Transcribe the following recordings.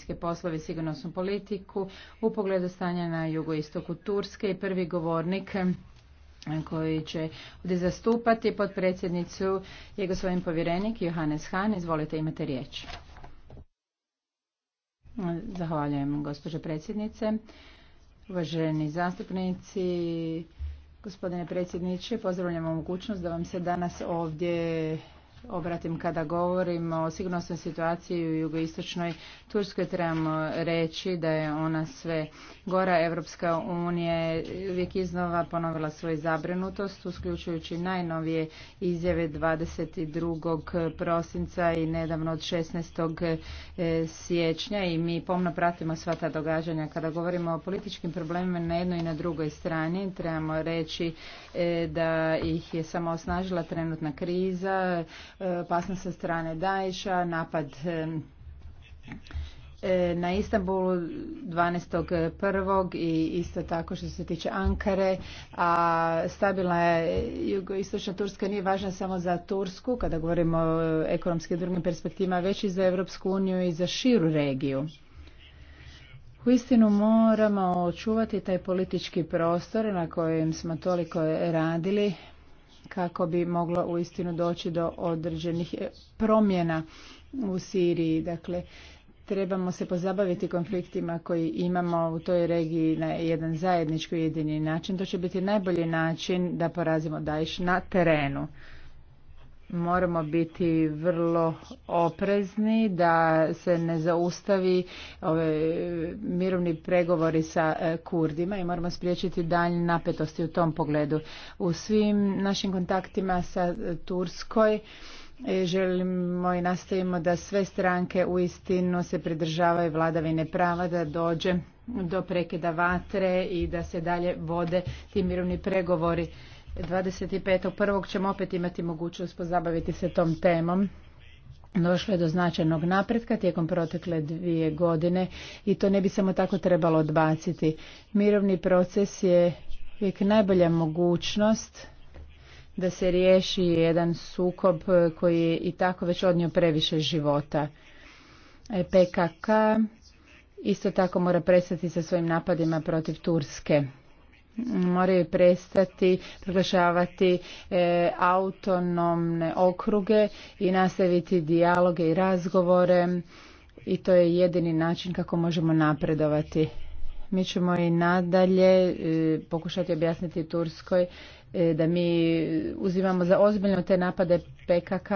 vanjske poslove i sigurnosnu politiku u pogledu stanja na jugoistoku Turske i prvi govornik eh, koji će ovdje zastupati predsjednicu je gospodin povjerenik Johannes Hahn. Izvolite, imate riječ. Zahvaljujem, gospođo predsjednice. Uvaženi zastupnici, gospodine predsjedniče, pozdravljam mogućnost da vam se danas ovdje obratim kada govorimo o sigurnosnoj situaciji u jugoistočnoj Turskoj trebamo reći da je ona sve gora Evropska unija je uvijek iznova ponovila svoju zabrinutost usključujući najnovije izjave 22. prosinca i nedavno od 16. E, siječnja i mi pomno pratimo sva ta događanja kada govorimo o političkim problemima na jednoj i na drugoj strani trebamo reći e, da ih je samo osnažila trenutna kriza opasnost sa strane Daješa, napad e, na Istanbulu 12.1. i isto tako što se tiče Ankare, a stabilna je jugoistočna Turska nije važna samo za Tursku, kada govorimo o ekonomskim drugim perspektivama, već i za Europsku uniju i za širu regiju. Uistinu moramo očuvati taj politički prostor na kojem smo toliko radili, kako bi moglo uistinu doći do određenih promjena u Siriji. Dakle, trebamo se pozabaviti konfliktima koji imamo u toj regiji na jedan zajednički jedini način. To će biti najbolji način da porazimo dajš na terenu moramo biti vrlo oprezni da se ne zaustavi ove mirovni pregovori sa e, Kurdima i moramo spriječiti daljnje napetosti u tom pogledu. U svim našim kontaktima sa Turskoj e, želimo i nastavimo da sve stranke u se pridržavaju vladavine prava da dođe do prekida vatre i da se dalje vode ti mirovni pregovori. 25.1. ćemo opet imati mogućnost pozabaviti se tom temom. Došlo je do značajnog napretka tijekom protekle dvije godine i to ne bi samo tako trebalo odbaciti. Mirovni proces je uvijek najbolja mogućnost da se riješi jedan sukob koji je i tako već odnio previše života. E, PKK isto tako mora prestati sa svojim napadima protiv Turske moraju prestati proglašavati e, autonomne okruge i nastaviti dijaloge i razgovore i to je jedini način kako možemo napredovati. Mi ćemo i nadalje e, pokušati objasniti Turskoj e, da mi uzimamo za ozbiljno te napade PKK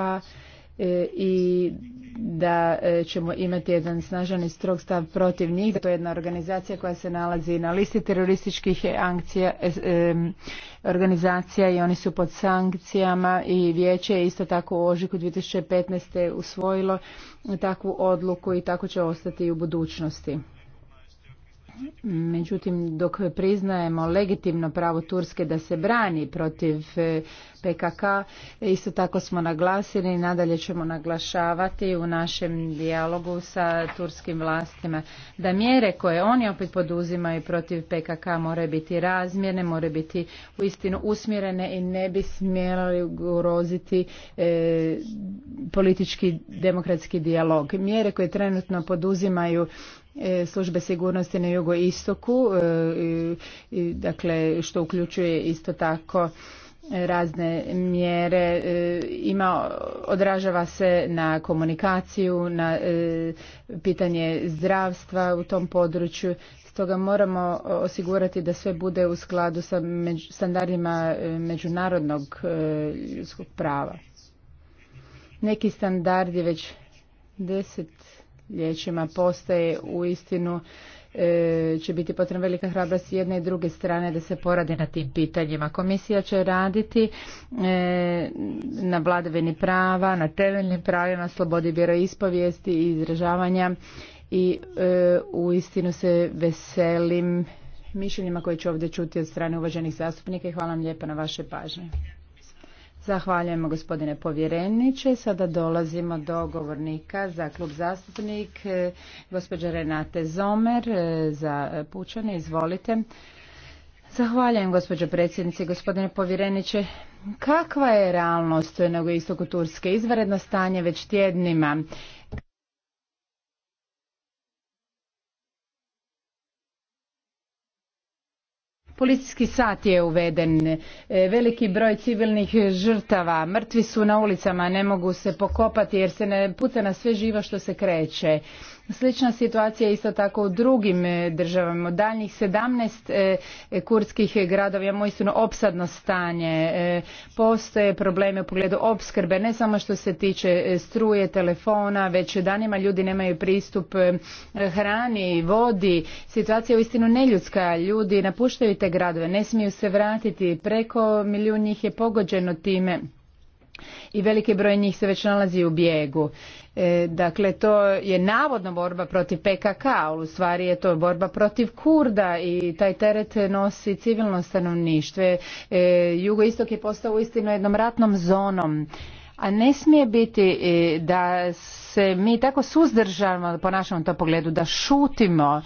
E, i da e, ćemo imati jedan snažan i strog stav protiv njih. To je jedna organizacija koja se nalazi na listi terorističkih akcija, e, organizacija i oni su pod sankcijama i vijeće je isto tako u ožiku 2015. usvojilo takvu odluku i tako će ostati i u budućnosti. Međutim, dok priznajemo legitimno pravo Turske da se brani protiv e, PKK, isto tako smo naglasili i nadalje ćemo naglašavati u našem dijalogu sa turskim vlastima da mjere koje oni opet poduzimaju protiv PKK moraju biti razmjerne, moraju biti uistinu usmjerene i ne bi smjeli ugroziti e, politički demokratski dijalog. Mjere koje trenutno poduzimaju E, službe sigurnosti na jugoistoku, e, dakle što uključuje isto tako razne mjere e, ima odražava se na komunikaciju na pitanje zdravstva u tom području stoga moramo osigurati da sve bude u skladu sa standardima međunarodnog ljudskog prava neki standardi već deset desetljećima postaje u istinu e, će biti potrebna velika hrabrost jedne i druge strane da se poradi na tim pitanjima. Komisija će raditi e, na vladavini prava, na temeljnim pravima, slobodi vjeroispovijesti i izražavanja i uistinu e, u istinu se veselim mišljenjima koje ću ovdje čuti od strane uvaženih zastupnika i hvala vam lijepa na vaše pažnje. Zahvaljujemo gospodine povjereniče. Sada dolazimo do govornika za klub zastupnik, gospođa Renate Zomer e, za Pučane. Izvolite. Zahvaljujem gospođo predsjednice, gospodine povjereniče. Kakva je realnost na istoku Turske? Izvaredno stanje već tjednima. Policijski sat je uveden, e, veliki broj civilnih žrtava, mrtvi su na ulicama, ne mogu se pokopati jer se ne puta na sve živo što se kreće. Slična situacija je isto tako u drugim e, državama. Daljnjih 17 e, e, kurdskih gradova imamo istino opsadno stanje. Postoje probleme u pogledu opskrbe, ne samo što se tiče struje, telefona, već danima ljudi nemaju pristup hrani, vodi. Situacija je uistinu neljudska. Ljudi napuštaju te gradove, ne smiju se vratiti. Preko milijun njih je pogođeno time i veliki broj njih se već nalazi u bijegu. E, dakle, to je navodno borba protiv PKK, ali u stvari je to borba protiv Kurda i taj teret nosi civilno stanovništvo. E, e Jugoistok je postao uistinu jednom ratnom zonom. A ne smije biti e, da se mi tako suzdržamo po našem to pogledu, da šutimo.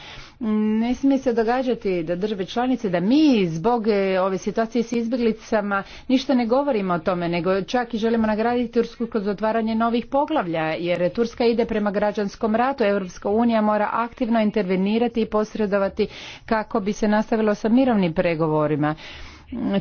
Ne smije se događati da države članice, da mi zbog e, ove situacije s izbjeglicama ništa ne govorimo o tome, nego čak i želimo nagraditi Tursku kroz otvaranje novih poglavlja, jer Turska ide prema građanskom ratu, Europska unija mora aktivno intervenirati i posredovati kako bi se nastavilo sa mirovnim pregovorima.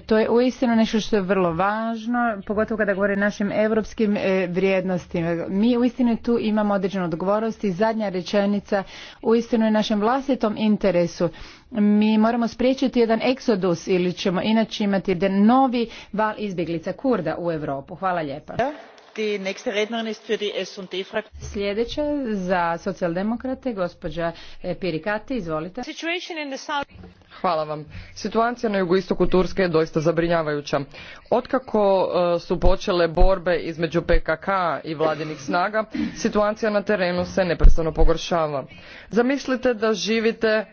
To je uistinu nešto što je vrlo važno, pogotovo kada govori o našim europskim e, vrijednostima. Mi uistinu tu imamo određenu odgovornost i zadnja rečenica uistinu je našem vlastitom interesu. Mi moramo spriječiti jedan eksodus ili ćemo inače imati jedan novi val izbjeglica Kurda u Europu. Hvala lijepa sljedeća za socijaldemokrate gospođa eh, pirikati izvolite hvala vam situacija na jugoistoku turske je doista zabrinjavajuća otkako eh, su počele borbe između pkk i vladinih snaga situacija na terenu se neprestano pogoršava zamislite da živite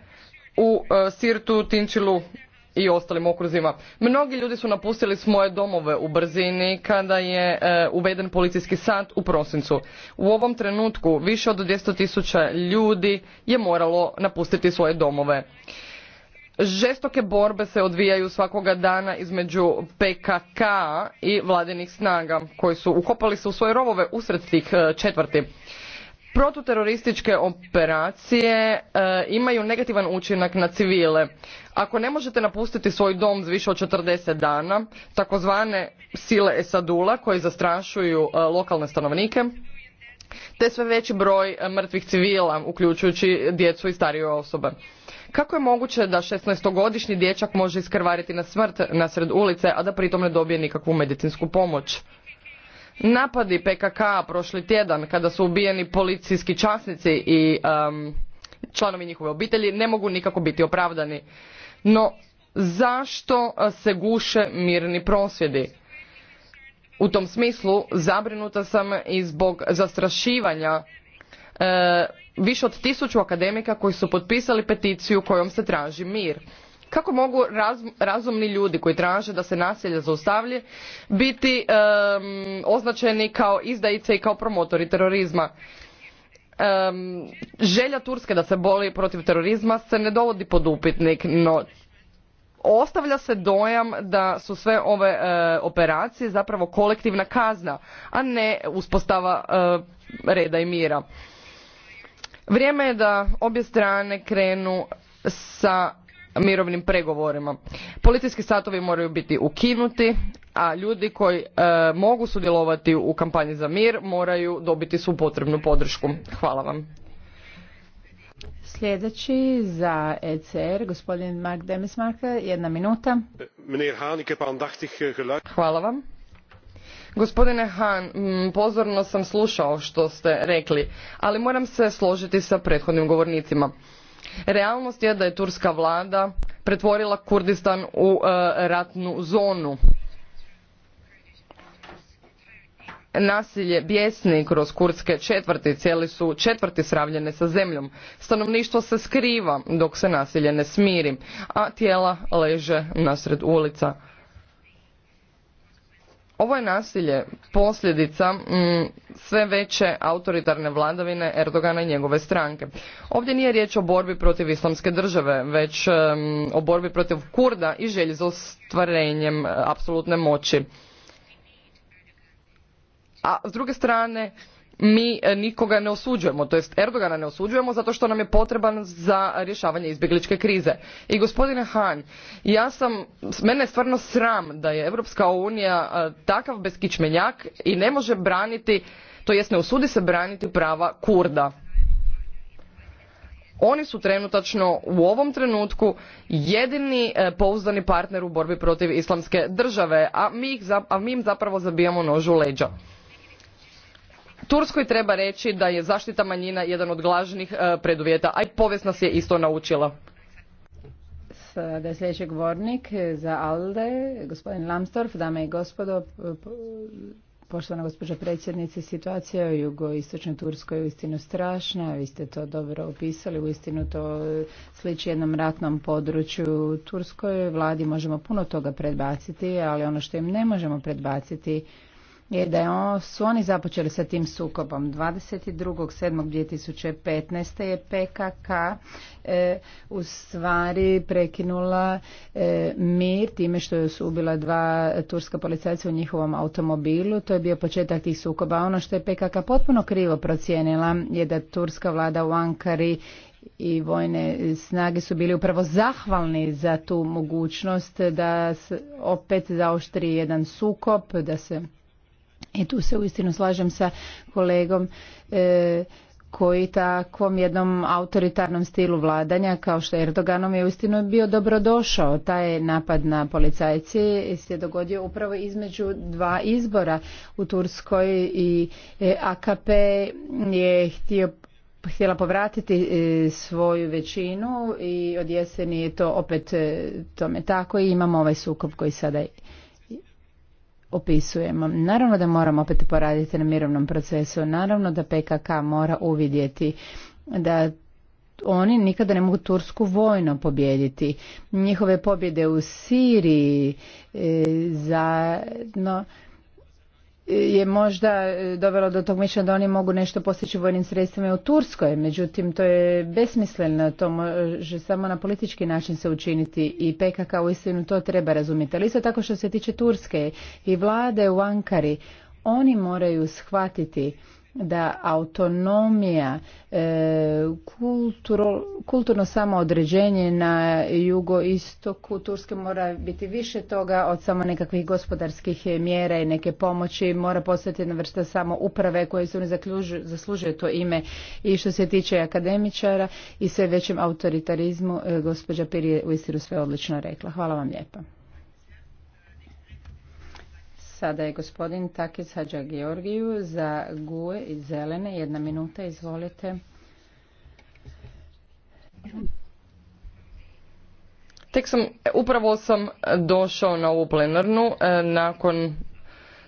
u eh, sirtu tinčilu i ostalim okruzima. Mnogi ljudi su napustili svoje domove u brzini kada je e, uveden policijski sat u prosincu. U ovom trenutku više od 200 tisuća ljudi je moralo napustiti svoje domove. Žestoke borbe se odvijaju svakoga dana između PKK i vladinih snaga koji su ukopali se u svoje rovove usred tih e, četvrti protuterorističke operacije e, imaju negativan učinak na civile. Ako ne možete napustiti svoj dom za više od 40 dana, takozvane sile Esadula koje zastrašuju e, lokalne stanovnike, te sve veći broj e, mrtvih civila, uključujući djecu i starije osobe. Kako je moguće da 16-godišnji dječak može iskrvariti na smrt nasred ulice, a da pritom ne dobije nikakvu medicinsku pomoć? Napadi PKK prošli tjedan kada su ubijeni policijski časnici i članovi njihove obitelji ne mogu nikako biti opravdani. No zašto se guše mirni prosvjedi? U tom smislu zabrinuta sam i zbog zastrašivanja e, više od tisuću akademika koji su potpisali peticiju kojom se traži mir. Kako mogu razumni ljudi koji traže da se nasilje zaustavlje biti označeni kao izdajice i kao promotori terorizma? želja Turske da se boli protiv terorizma se ne dovodi pod upitnik, no ostavlja se dojam da su sve ove e, operacije zapravo kolektivna kazna, a ne uspostava e, reda i mira. Vrijeme je da obje strane krenu sa mirovnim pregovorima. Policijski satovi moraju biti ukinuti, a ljudi koji e, mogu sudjelovati u kampanji za mir moraju dobiti svu potrebnu podršku. Hvala vam. Sljedeći za ECR, gospodin Mark jedna minuta. Eh, Hvala vam. Gospodine Han, pozorno sam slušao što ste rekli, ali moram se složiti sa prethodnim govornicima. Realnost je da je turska vlada pretvorila Kurdistan u e, ratnu zonu. Nasilje bijesni kroz kurdske četvrti, cijeli su četvrti sravljene sa zemljom. Stanovništvo se skriva dok se nasilje ne smiri, a tijela leže nasred ulica. Ovo je nasilje posljedica mm, sve veće autoritarne vladavine Erdogana i njegove stranke. Ovdje nije riječ o borbi protiv islamske države, već o borbi protiv Kurda i želji za ostvarenjem e, apsolutne moći. A s druge strane mi e, nikoga ne osuđujemo, to jest Erdogana ne osuđujemo zato što nam je potreban za rješavanje izbjegličke krize. I gospodine Han, ja sam, mene je stvarno sram da je Europska unija e, takav beskičmenjak i ne može braniti, to jest ne usudi se braniti prava Kurda. Oni su trenutačno u ovom trenutku jedini e, pouzdani partner u borbi protiv islamske države, a mi, ih, a mi im zapravo zabijamo nož u leđa turskoj treba reći da je zaštita manjina jedan od glanih e, preduvjeta a i povijest nas je isto naučila Sada je sljedeći govornik za ALDE, gospodin Lamstorf, dame i gospodo, poštovana gospođa predsjednice, situacija u jugoistočnoj Turskoj je uistinu strašna, vi ste to dobro opisali, uistinu to sliči jednom ratnom području Turskoj, vladi možemo puno toga predbaciti, ali ono što im ne možemo predbaciti je da su oni započeli sa tim sukobom. 22.7.2015. je PKK e, u stvari prekinula e, mir time što je ubila dva turska policajca u njihovom automobilu. To je bio početak tih sukoba. Ono što je PKK potpuno krivo procijenila je da turska vlada u Ankari i vojne snage su bili upravo zahvalni za tu mogućnost da opet zaoštri jedan sukop, da se i tu se uistinu slažem sa kolegom e, koji takvom jednom autoritarnom stilu vladanja kao što Erdoganom je uistinu bio dobrodošao. Taj napad na policajci se dogodio upravo između dva izbora u Turskoj i e, AKP je htio htjela povratiti e, svoju većinu i od jeseni je to opet tome tako i imamo ovaj sukob koji sada opisujemo. Naravno da moramo opet poraditi na mirovnom procesu, naravno da PKK mora uvidjeti da oni nikada ne mogu Tursku vojno pobjediti. Njihove pobjede u Siriji e, za... no je možda e, dovelo do tog mišljenja da oni mogu nešto postići vojnim sredstvima u Turskoj, međutim to je besmisleno, to može samo na politički način se učiniti i PKK u istinu to treba razumjeti. Ali isto tako što se tiče Turske i vlade u Ankari, oni moraju shvatiti da autonomija, e, kulturno kulturno samoodređenje na jugoistoku Turske mora biti više toga od samo nekakvih gospodarskih mjera i neke pomoći. Mora postati jedna vrsta samo uprave koje su ne zaslužuje to ime i što se tiče akademičara i sve većem autoritarizmu. E, gospođa Pir je u istinu sve odlično rekla. Hvala vam lijepa. Sada je gospodin Takis Hadža Georgiju za guje i zelene. Jedna minuta, izvolite. Tek sam, upravo sam došao na ovu plenarnu e, nakon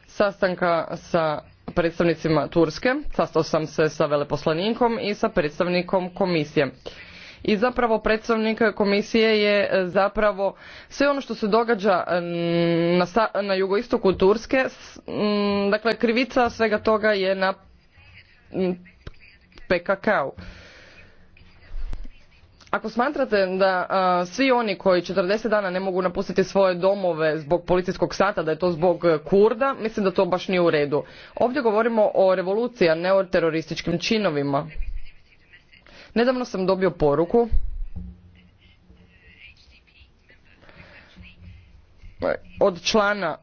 sastanka sa predstavnicima Turske. Sastao sam se sa veleposlanikom i sa predstavnikom komisije i zapravo predstavnik komisije je e, zapravo sve ono što se događa e, na, na jugoistoku Turske, dakle krivica svega toga je na PKK-u. Ako smatrate da svi oni koji 40 dana ne mogu napustiti svoje domove zbog policijskog sata, da je to zbog kurda, mislim da to baš nije u redu. Ovdje govorimo o revoluciji, a ne o terorističkim činovima. Nedavno sam dobio poruku od člana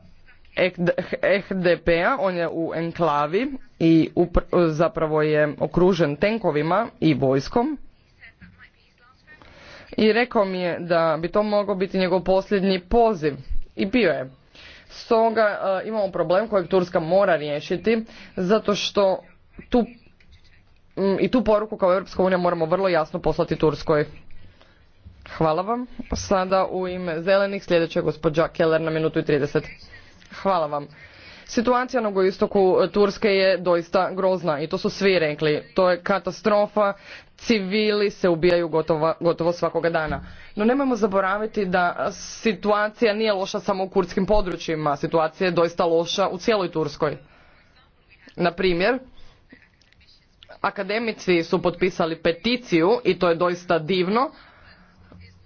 HDP-a, on je u enklavi i zapravo je okružen tenkovima i vojskom. I rekao mi je da bi to mogao biti njegov posljednji poziv. I bio je. Stoga e, imamo problem kojeg Turska mora riješiti, zato što tu Mm, i tu poruku kao Europska unija moramo vrlo jasno poslati Turskoj. Hvala vam. Sada u ime zelenih sljedeća gospođa Keller na minutu i 30. Hvala vam. Situacija na istoku Turske je doista grozna i to su svi rekli. To je katastrofa, civili se ubijaju gotovo, gotovo svakoga dana. No nemojmo zaboraviti da situacija nije loša samo u kurdskim područjima, situacija je doista loša u cijeloj Turskoj. Na primjer, Akademici su potpisali peticiju i to je doista divno.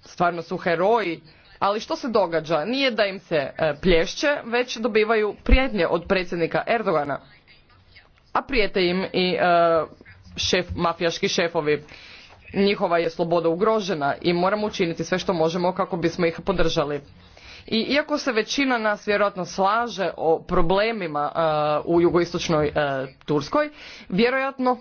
Stvarno su heroji. Ali što se događa? Nije da im se e, plješće, već dobivaju prijetnje od predsjednika Erdogana. A prijete im i e, šef, mafijaški šefovi. Njihova je sloboda ugrožena i moramo učiniti sve što možemo kako bismo ih podržali. I iako se većina nas vjerojatno slaže o problemima e, u jugoistočnoj Turskoj, vjerojatno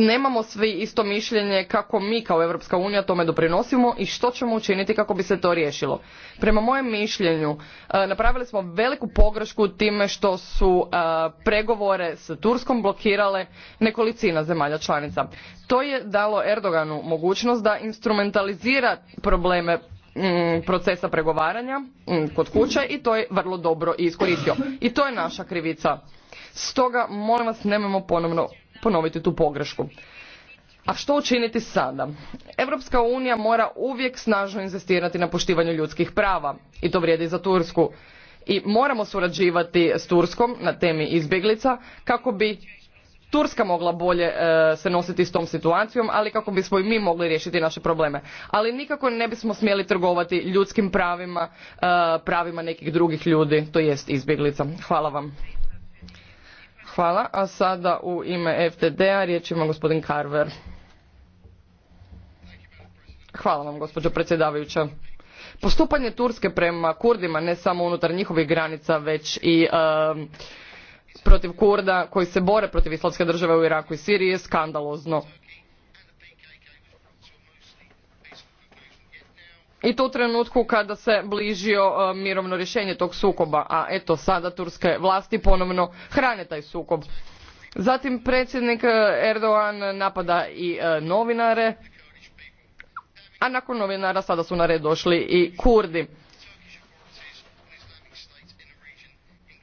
nemamo svi isto mišljenje kako mi kao Europska unija tome doprinosimo i što ćemo učiniti kako bi se to riješilo. Prema mojem mišljenju e, napravili smo veliku pogrešku time što su e, pregovore s Turskom blokirale nekolicina zemalja članica. To je dalo Erdoganu mogućnost da instrumentalizira probleme mm, procesa pregovaranja mm, kod kuće i to je vrlo dobro iskoristio. I to je naša krivica. Stoga, molim vas, nemojmo ponovno ponoviti tu pogrešku. A što učiniti sada? Europska unija mora uvijek snažno inzistirati na poštivanju ljudskih prava i to vrijedi za Tursku. I moramo surađivati s Turskom na temi izbjeglica kako bi Turska mogla bolje e, se nositi s tom situacijom, ali kako bismo i mi mogli riješiti naše probleme. Ali nikako ne bismo smjeli trgovati ljudskim pravima, e, pravima nekih drugih ljudi, to jest izbjeglica. Hvala vam. Hvala. A sada u ime ftd riječ ima gospodin Carver. Hvala vam gospođo predsjedavajuća. Postupanje Turske prema Kurdima ne samo unutar njihovih granica već i um, protiv Kurda koji se bore protiv islamske države u Iraku i Siriji je skandalozno i to u trenutku kada se bližio e, mirovno rješenje tog sukoba a eto sada turske vlasti ponovno hrane taj sukob zatim predsjednik e, erdogan napada i e, novinare a nakon novinara sada su na red došli i kurdi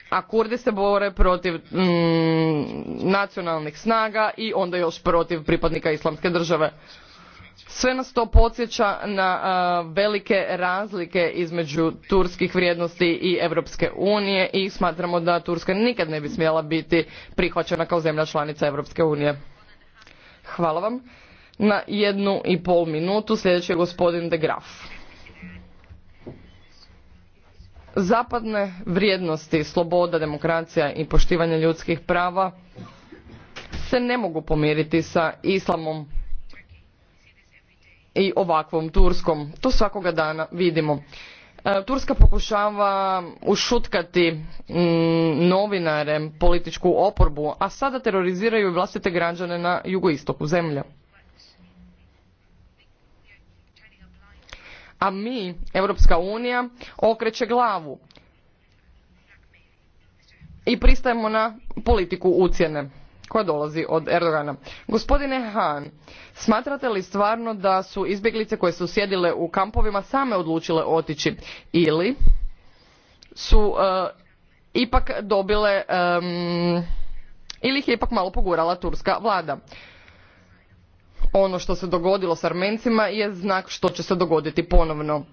a kurdi se bore protiv mm, nacionalnih snaga i onda još protiv pripadnika islamske države sve nas to podsjeća na velike razlike između turskih vrijednosti i Europske unije i smatramo da Turska nikad ne bi smjela biti prihvaćena kao zemlja članica Europske unije. Hvala vam. Na jednu i pol minutu sljedeći je gospodin De Graf. Zapadne vrijednosti, sloboda, demokracija i poštivanje ljudskih prava se ne mogu pomiriti sa islamom i ovakvom Turskom. To svakoga dana vidimo. E, Turska pokušava ušutkati mm, novinare, političku oporbu, a sada teroriziraju vlastite građane na jugoistoku zemlje. A mi, Europska unija, okreće glavu i pristajemo na politiku ucjene koja dolazi od Erdogana. Gospodine Han, smatrate li stvarno da su izbjeglice koje su sjedile u kampovima same odlučile otići ili su e, ipak dobile ili ih je ipak malo pogurala turska vlada? ono što se dogodilo s armencima je znak što će se dogoditi ponovno.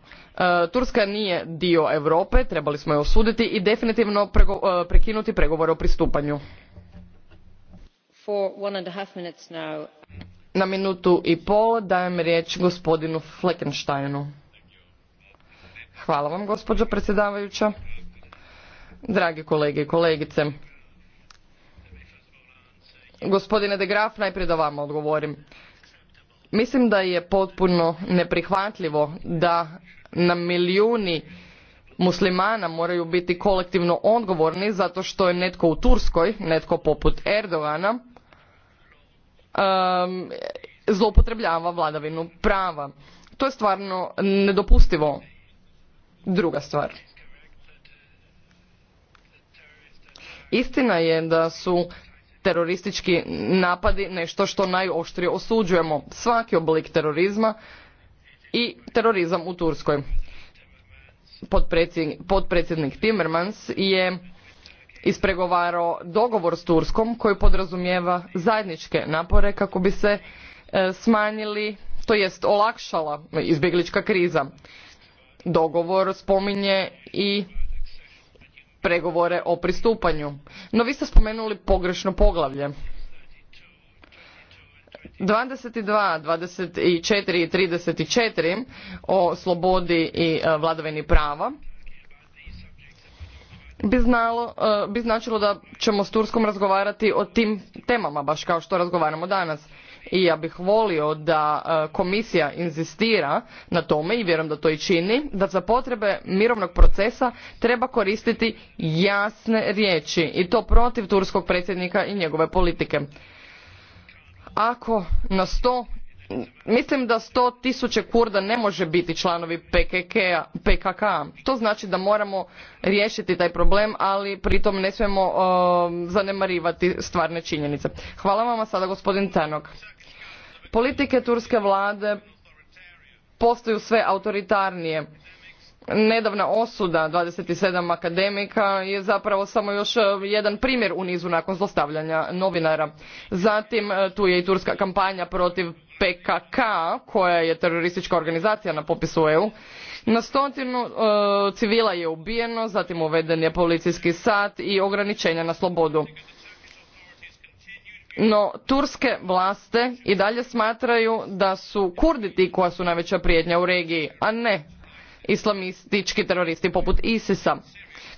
E, turska nije dio Europe, trebali smo je osuditi i definitivno e, prekinuti pregovore o pristupanju. Na minutu i pol dajem riječ gospodinu Fleckensteinu. Hvala vam gospođo predsjedavajuća. Dragi kolege i kolegice, gospodine de Graf, najprije da vama odgovorim. Mislim da je potpuno neprihvatljivo da na milijuni muslimana moraju biti kolektivno odgovorni zato što je netko u Turskoj, netko poput Erdogana, um, vladavinu prava. To je stvarno nedopustivo. Druga stvar. Istina je da su teroristički napadi nešto što najoštrije osuđujemo. Svaki oblik terorizma i terorizam u Turskoj. Podpredsjednik Timmermans je ispregovarao dogovor s Turskom koji podrazumijeva zajedničke napore kako bi se e, smanjili, to jest olakšala izbjeglička kriza. Dogovor spominje i pregovore o pristupanju. No vi ste spomenuli pogrešno poglavlje. 22, 24 i 34 o slobodi i e, vladavini prava E, bi, značilo da ćemo s Turskom razgovarati o tim temama, baš kao što razgovaramo danas. I ja bih volio da e, komisija inzistira na tome i vjerujem da to i čini, da za potrebe mirovnog procesa treba koristiti jasne riječi i to protiv turskog predsjednika i njegove politike. Ako na to mislim da sto tisuća kurda ne može biti članovi PKK, a to znači da moramo riješiti taj problem ali pritom ne smijemo uh, zanemarivati stvarne činjenice hvala vam sada gospodin tannock politike turske vlade postaju sve autoritarnije nedavna osuda 27 akademika je zapravo samo još uh, jedan primjer u nizu nakon zlostavljanja novinara. Zatim uh, tu je i turska kampanja protiv PKK koja je teroristička organizacija na popisu EU. Na stotinu e, civila je ubijeno, zatim uveden je policijski sat i ograničenja na slobodu. No, turske vlaste i dalje smatraju da su kurdi ti koja su najveća prijetnja u regiji, a ne islamistički teroristi poput ISIS-a.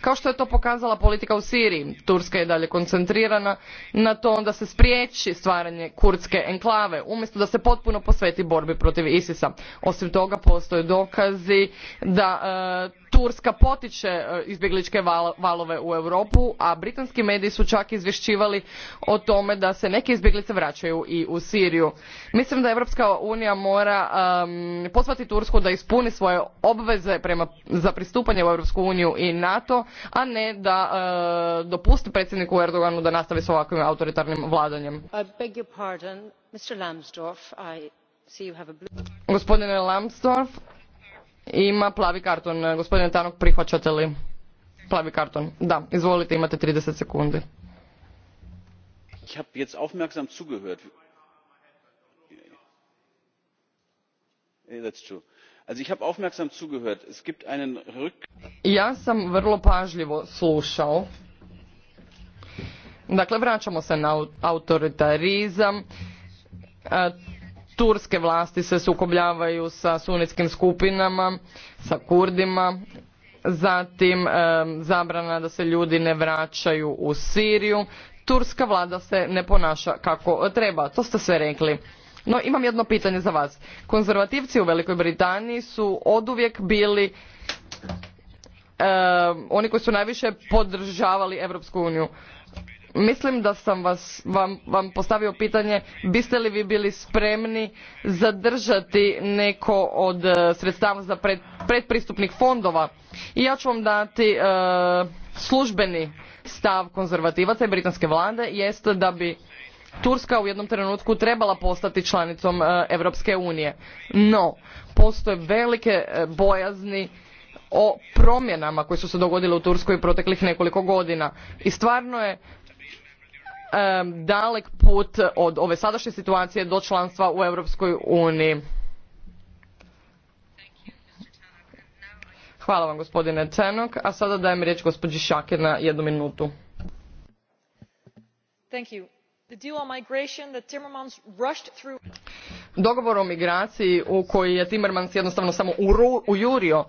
Kao što je to pokazala politika u Siriji, Turska je dalje koncentrirana na to da se spriječi stvaranje kurdske enklave, umjesto da se potpuno posveti borbi protiv ISIS-a. Osim toga, postoje dokazi da e, Turska potiče e, izbjegličke valove u Europu, a britanski mediji su čak izvješćivali o tome da se neke izbjeglice vraćaju i u Siriju. Mislim da Europska unija mora um, pozvati Tursku da ispuni svoje obveze prema, za pristupanje u Europsku uniju i NATO a ne da e, dopusti predsjedniku Erdoganu da nastavi s ovakvim autoritarnim vladanjem. Gospodine Lambsdorff, ima plavi karton. Gospodine Tanok, prihvaćate li plavi karton? Da, izvolite, imate 30 sekundi. Ich habe jetzt That's true ja sam vrlo pažljivo slušao. Dakle, vraćamo se na autoritarizam. E, turske vlasti se sukobljavaju sa sunitskim skupinama, sa kurdima. Zatim e, zabrana da se ljudi ne vraćaju u Siriju. Turska vlada se ne ponaša kako treba. To ste sve rekli. No imam jedno pitanje za vas. Konzervativci u Velikoj Britaniji su oduvijek bili oni koji su najviše podržavali Europsku uniju. Mislim da sam vas, vam, vam postavio pitanje biste li vi bili spremni zadržati neko od e, sredstava za pred, predpristupnih fondova i ja ću vam dati e, službeni stav konzervativaca i britanske vlade jest da bi Turska u jednom trenutku trebala postati članicom Europske unije. No, postoje velike e, bojazni o promjenama koje su se dogodile u Turskoj proteklih nekoliko godina. I stvarno je e, dalek put od ove sadašnje situacije do članstva u Europskoj uniji. Hvala vam gospodine Tenok, a sada dajem riječ gospođi Šake na jednu minutu dogovor o migraciji u koji je timmermans jednostavno samo ujurio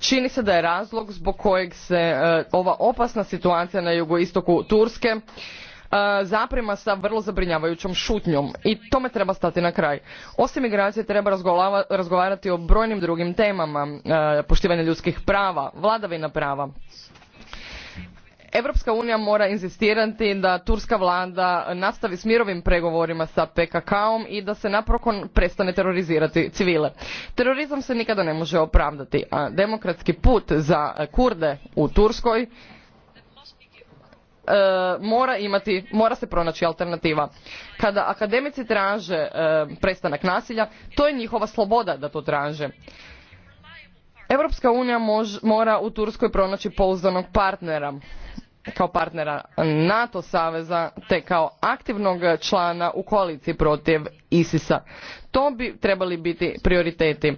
čini se da je razlog zbog kojeg se e, ova opasna situacija na jugoistoku turske e, zaprima sa vrlo zabrinjavajućom šutnjom i tome treba stati na kraj. Osim migracije treba razgovarati o brojnim drugim temama, e, poštivanje ljudskih prava, vladavina prava europska unija mora inzistirati da turska vlada nastavi s mirovim pregovorima sa pkk om i da se napokon prestane terorizirati civile. terorizam se nikada ne može opravdati a demokratski put za kurde u turskoj e, mora imati, mora se pronaći alternativa. Kada akademici traže e, prestanak nasilja, to je njihova sloboda da to traže. Europska unija mora u Turskoj pronaći pouzdanog partnera kao partnera NATO saveza te kao aktivnog člana u koaliciji protiv ISIS-a. To bi trebali biti prioriteti.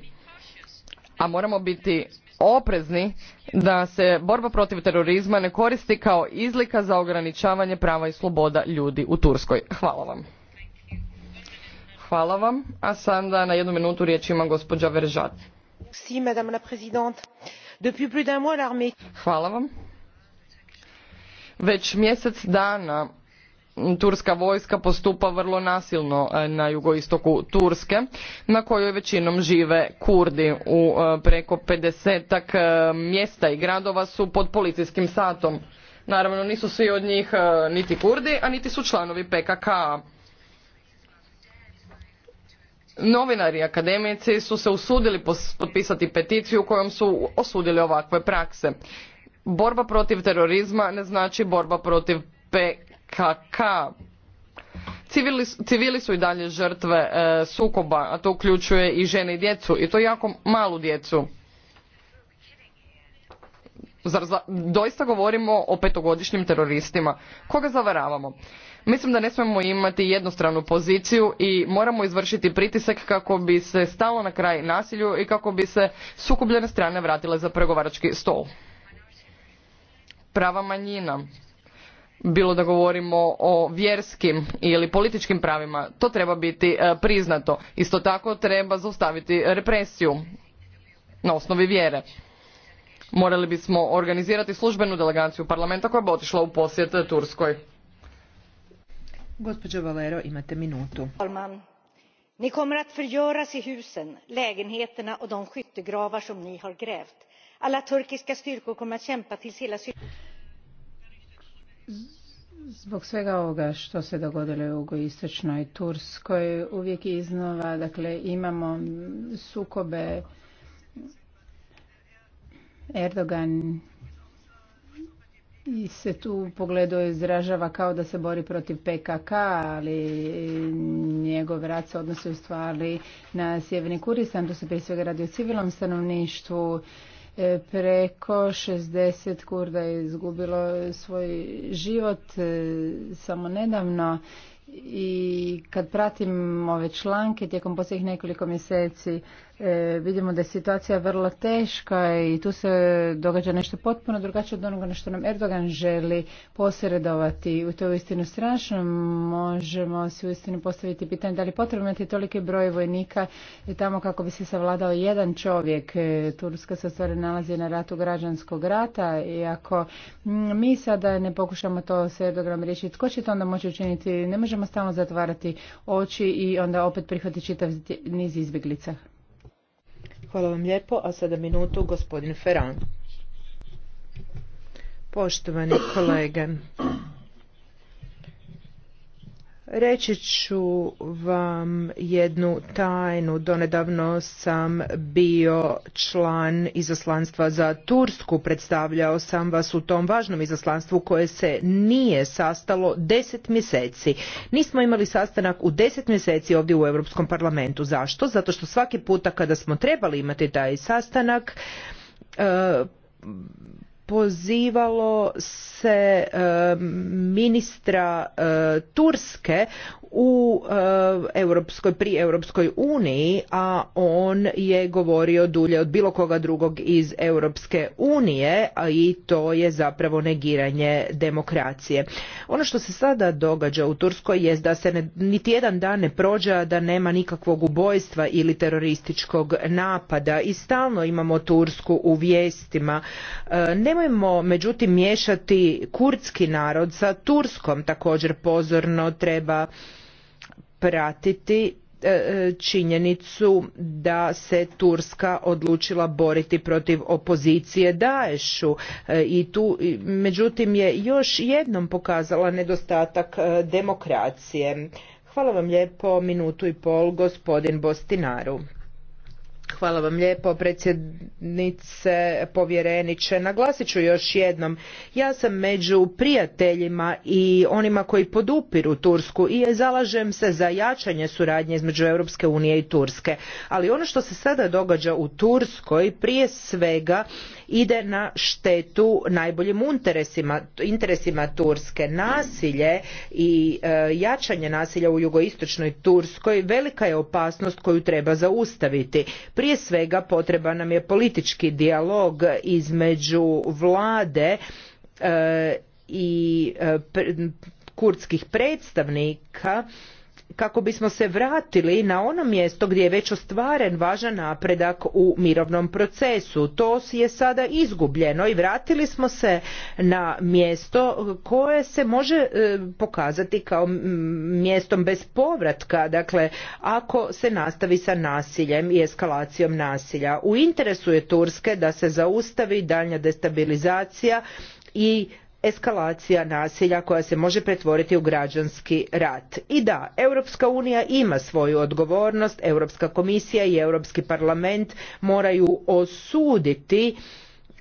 A moramo biti oprezni da se borba protiv terorizma ne koristi kao izlika za ograničavanje prava i sloboda ljudi u Turskoj. Hvala vam. Hvala vam. A sada na jednu minutu riječ ima gospođa Veržat. Hvala vam. Već mjesec dana turska vojska postupa vrlo nasilno e, na jugoistoku Turske, na kojoj većinom žive Kurdi. U e, preko pedesetak e, mjesta i gradova su pod policijskim satom. Naravno nisu svi od njih niti Kurdi, a niti su članovi PKK. -a. Novinari i akademici su se usudili potpisati peticiju kojom su osudili ovakve prakse borba protiv terorizma ne znači borba protiv PKK. Civili, civili su i dalje žrtve e, sukoba, a to uključuje i žene i djecu, i to jako malu djecu. Zar doista govorimo o petogodišnjim teroristima? Koga zavaravamo? Mislim da ne smijemo imati jednostranu poziciju i moramo izvršiti pritisak kako bi se stalo na kraj nasilju i kako bi se sukobljene strane vratile za pregovarački stol prava manjina bilo da govorimo o vjerskim ili političkim pravima to treba biti e, priznato isto tako treba zaustaviti represiju na osnovi vjere morali bismo organizirati službenu delegaciju parlamenta koja bi otišla u posjet turskoj gospođo valero imate minutu Ni kommer att förgöras i husen, lägenheterna och de skyttegravar som ni har grävt. Alla turkiska styrkor kommer att kämpa tills hela Zbog svega ovoga što se dogodilo u jugoistočnoj Turskoj, uvijek iznova, dakle, imamo sukobe Erdogan i se tu u pogledu izražava kao da se bori protiv PKK, ali njegov rad se odnosi u stvari na Sjeverni Kuristan, tu se prije svega radi o civilnom stanovništvu, E, preko 60 kurda je izgubilo svoj život e, samo nedavno i kad pratim ove članke tijekom posljednjih nekoliko mjeseci e, vidimo da je situacija vrlo teška i tu se događa nešto potpuno drugačije od onoga na što nam Erdogan želi posredovati. U to je uistinu strašno. Možemo si uistinu postaviti pitanje da li potrebno imati toliki broj vojnika i tamo kako bi se savladao jedan čovjek. E, Turska se stvari nalazi na ratu građanskog rata i ako mi sada ne pokušamo to s Erdoganom riješiti, tko će to onda moći učiniti? Ne možemo možemo stalno zatvarati oči i onda opet prihvati čitav niz izbjeglica. Hvala vam lijepo, a sada minutu gospodin Ferran. Poštovani kolege, Reći ću vam jednu tajnu. Donedavno sam bio član izaslanstva za Tursku. Predstavljao sam vas u tom važnom izaslanstvu koje se nije sastalo deset mjeseci. Nismo imali sastanak u deset mjeseci ovdje u Europskom parlamentu. Zašto? Zato što svaki puta kada smo trebali imati taj sastanak, e, pozivalo se eh, ministra eh, Turske u eh, europskoj pri europskoj uniji a on je govorio dulje od bilo koga drugog iz europske unije a i to je zapravo negiranje demokracije ono što se sada događa u turskoj jest da se niti jedan dan ne prođa, da nema nikakvog ubojstva ili terorističkog napada i stalno imamo tursku u vijestima eh, nemojmo međutim miješati kurdski narod sa turskom također pozorno treba pratiti e, e, činjenicu da se Turska odlučila boriti protiv opozicije Daeshu e, i tu međutim je još jednom pokazala nedostatak demokracije. Hvala vam lijepo, minutu i pol, gospodin Bostinaru. Hvala vam lijepo, predsjednice, povjereniče. Naglasit ću još jednom, ja sam među prijateljima i onima koji podupiru Tursku i zalažem se za jačanje suradnje između Europske unije i Turske. Ali ono što se sada događa u Turskoj prije svega ide na štetu najboljim interesima, interesima Turske. Nasilje i e, jačanje nasilja u jugoistočnoj Turskoj velika je opasnost koju treba zaustaviti. Prije svega potreban nam je politički dijalog između vlade e, i e, kurdskih predstavnika kako bismo se vratili na ono mjesto gdje je već ostvaren važan napredak u mirovnom procesu. To je sada izgubljeno i vratili smo se na mjesto koje se može e, pokazati kao mjestom bez povratka, dakle ako se nastavi sa nasiljem i eskalacijom nasilja. U interesu je Turske da se zaustavi daljnja destabilizacija i eskalacija nasilja koja se može pretvoriti u građanski rat. I da, Europska unija ima svoju odgovornost, Europska komisija i Europski parlament moraju osuditi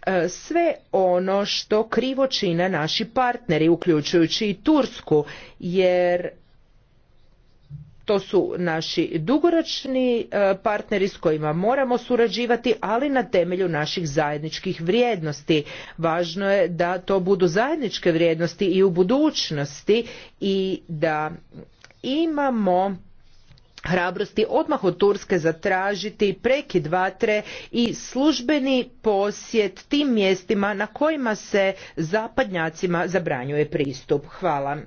e, sve ono što krivo čine naši partneri, uključujući i Tursku, jer to su naši dugoročni e, partneri s kojima moramo surađivati, ali na temelju naših zajedničkih vrijednosti. Važno je da to budu zajedničke vrijednosti i u budućnosti i da imamo hrabrosti odmah od Turske zatražiti prekid vatre i službeni posjet tim mjestima na kojima se zapadnjacima zabranjuje pristup. Hvala.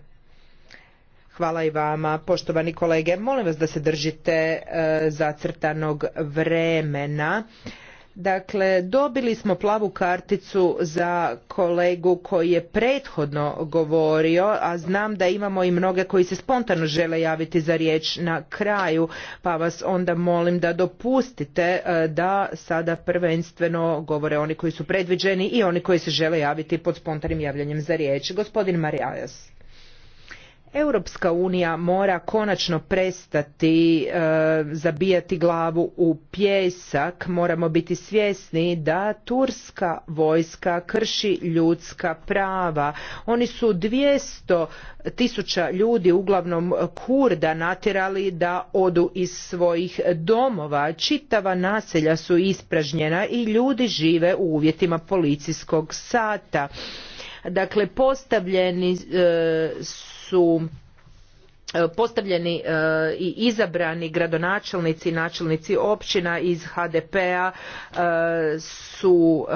Hvala i vama, poštovani kolege. Molim vas da se držite e, zacrtanog vremena. Dakle, dobili smo plavu karticu za kolegu koji je prethodno govorio, a znam da imamo i mnoge koji se spontano žele javiti za riječ na kraju, pa vas onda molim da dopustite e, da sada prvenstveno govore oni koji su predviđeni i oni koji se žele javiti pod spontanim javljanjem za riječ. Gospodin Marijajas. Europska unija mora konačno prestati e, zabijati glavu u pjesak, moramo biti svjesni da turska vojska krši ljudska prava. Oni su dvjesto tisuća ljudi, uglavnom kurda, natjerali da odu iz svojih domova. Čitava naselja su ispražnjena i ljudi žive u uvjetima policijskog sata. Dakle, postavljeni e, su e, postavljeni e, i izabrani gradonačelnici i načelnici općina iz HDP-a e, su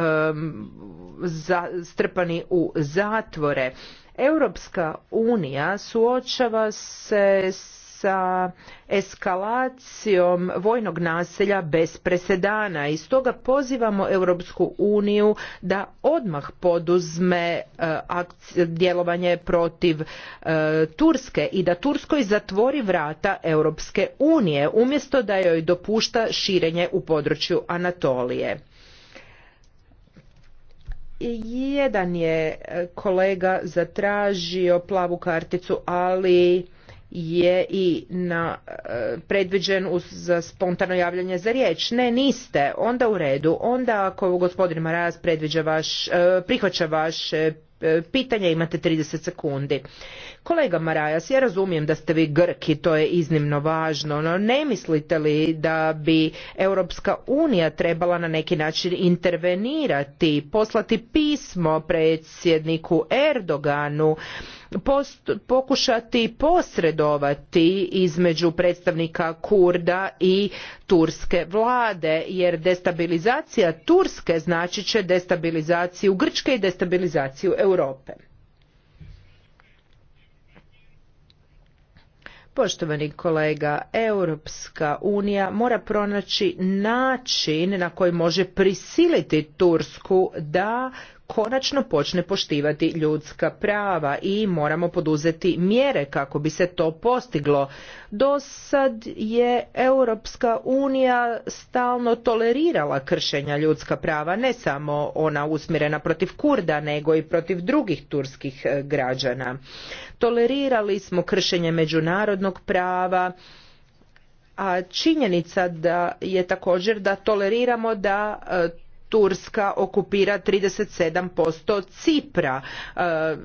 strpani u zatvore. Europska unija suočava se s sa eskalacijom vojnog naselja bez presedana i stoga pozivamo Europsku uniju da odmah poduzme e, djelovanje protiv e, Turske i da Turskoj zatvori vrata Europske unije umjesto da joj dopušta širenje u području Anatolije. Jedan je e, kolega zatražio plavu karticu, ali je i na, e, predviđen uz, za spontano javljanje za riječ. Ne, niste. Onda u redu. Onda ako gospodin Maras predviđa vaš, e, prihvaća vaše e, pitanje, imate 30 sekundi. Kolega Marajas, ja razumijem da ste vi Grki, to je iznimno važno, no ne mislite li da bi Europska unija trebala na neki način intervenirati, poslati pismo predsjedniku Erdoganu, pokušati posredovati između predstavnika Kurda i turske vlade jer destabilizacija Turske znači će destabilizaciju Grčke i destabilizaciju Europe. Poštovani kolega, Europska unija mora pronaći način na koji može prisiliti Tursku da konačno počne poštivati ljudska prava i moramo poduzeti mjere kako bi se to postiglo. Do sad je Europska unija stalno tolerirala kršenja ljudska prava, ne samo ona usmjerena protiv Kurda, nego i protiv drugih turskih e, građana. Tolerirali smo kršenje međunarodnog prava, a činjenica da je također da toleriramo da e, Turska okupira posto Cipra, eh,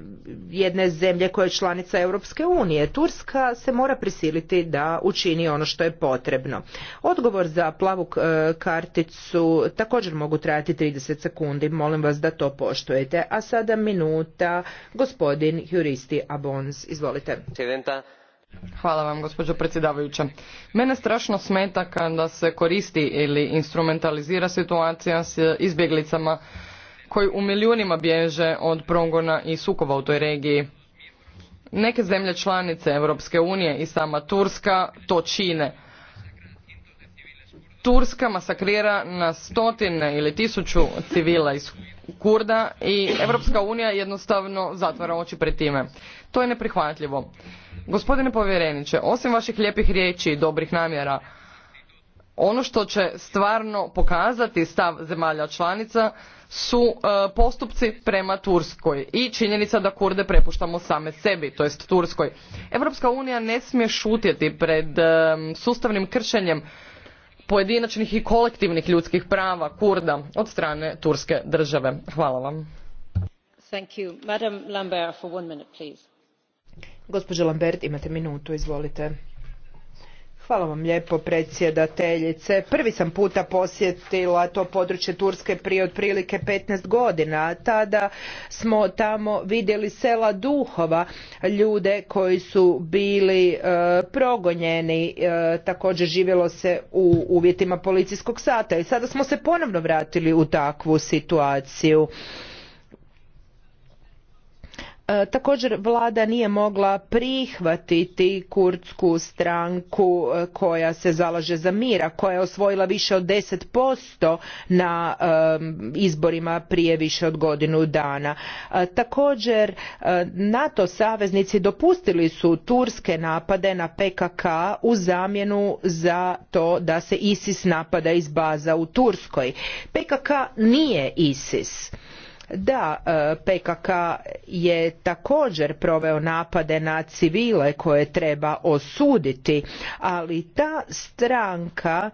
jedne zemlje koja je članica Europske unije. Turska se mora prisiliti da učini ono što je potrebno. Odgovor za plavu eh, karticu također mogu trajati 30 sekundi. Molim vas da to poštujete. A sada minuta gospodin Juristi Abons. Izvolite. Hvala vam, gospođo predsjedavajuća. Mene strašno smeta kada se koristi ili instrumentalizira situacija s izbjeglicama koji u milijunima bježe od progona i sukoba u toj regiji. Neke zemlje članice Europske unije i sama Turska to čine Turska masakrira na stotine ili tisuću civila iz Kurda i Europska unija jednostavno zatvara oči pred time. To je neprihvatljivo. Gospodine povjereniče, osim vaših lijepih riječi i dobrih namjera, ono što će stvarno pokazati stav zemalja članica su e, postupci prema turskoj i činjenica da kurde prepuštamo same sebi to jest turskoj europska unija ne smije šutjeti pred e, sustavnim kršenjem pojedinačnih i kolektivnih ljudskih prava kurda od strane turske države. Hvala vam. Thank Lambert, Lambert, imate minutu, izvolite. Hvala vam lijepo predsjedateljice. Prvi sam puta posjetila to područje Turske prije otprilike 15 godina. Tada smo tamo vidjeli sela duhova, ljude koji su bili e, progonjeni, e, također živjelo se u uvjetima policijskog sata i sada smo se ponovno vratili u takvu situaciju. E, također vlada nije mogla prihvatiti kurdsku stranku e, koja se zalaže za mira, koja je osvojila više od 10% na izborima prije više od godinu dana. E, također NATO saveznici dopustili su turske napade na PKK u zamjenu za to da se ISIS napada iz baza u Turskoj. PKK nije ISIS. Da, e, PKK je također proveo napade na civile koje treba osuditi, ali ta stranka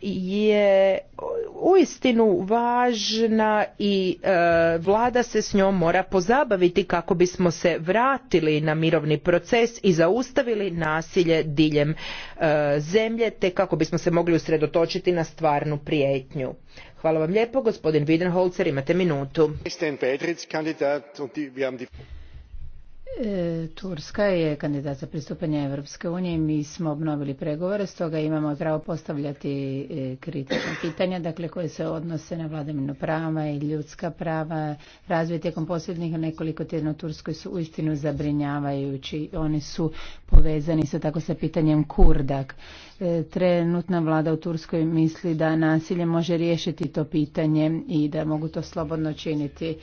je uistinu važna i e, vlada se s njom mora pozabaviti kako bismo se vratili na mirovni proces i zaustavili nasilje diljem e, zemlje te kako bismo se mogli usredotočiti na stvarnu prijetnju. Hvala vam lijepo, gospodin Widenholzer, imate minutu. E, Turska je kandidat za pristupanje Evropske unije. Mi smo obnovili pregovore, stoga imamo pravo postavljati e, kritične pitanja, dakle koje se odnose na vladavinu prava i ljudska prava. Razvoj tijekom posljednjih nekoliko tjedna u Turskoj su uistinu zabrinjavajući. Oni su povezani sa tako sa pitanjem Kurdak. E, trenutna vlada u Turskoj misli da nasilje može riješiti to pitanje i da mogu to slobodno činiti.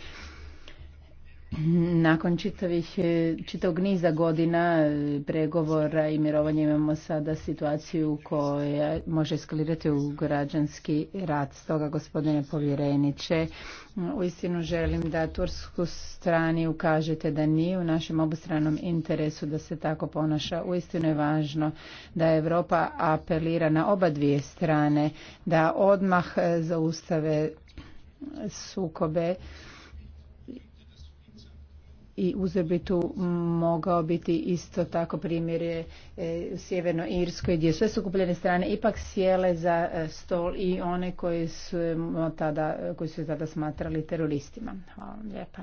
Nakon čitavih, e, čitavog niza godina e, pregovora i mirovanja imamo sada situaciju koja može eskalirati u građanski rat. Stoga, gospodine povjereniče, uistinu želim da tursku strani ukažete da nije u našem obostranom interesu da se tako ponaša. Uistinu je važno da Europa apelira na oba dvije strane da odmah e, zaustave sukobe i uzor bi mogao biti isto tako primjer je e, u Sjevernoj Irskoj gdje sve kupljene strane ipak sjele za e, stol i one koje su e, tada, koji su tada smatrali teroristima. Hvala vam lijepa.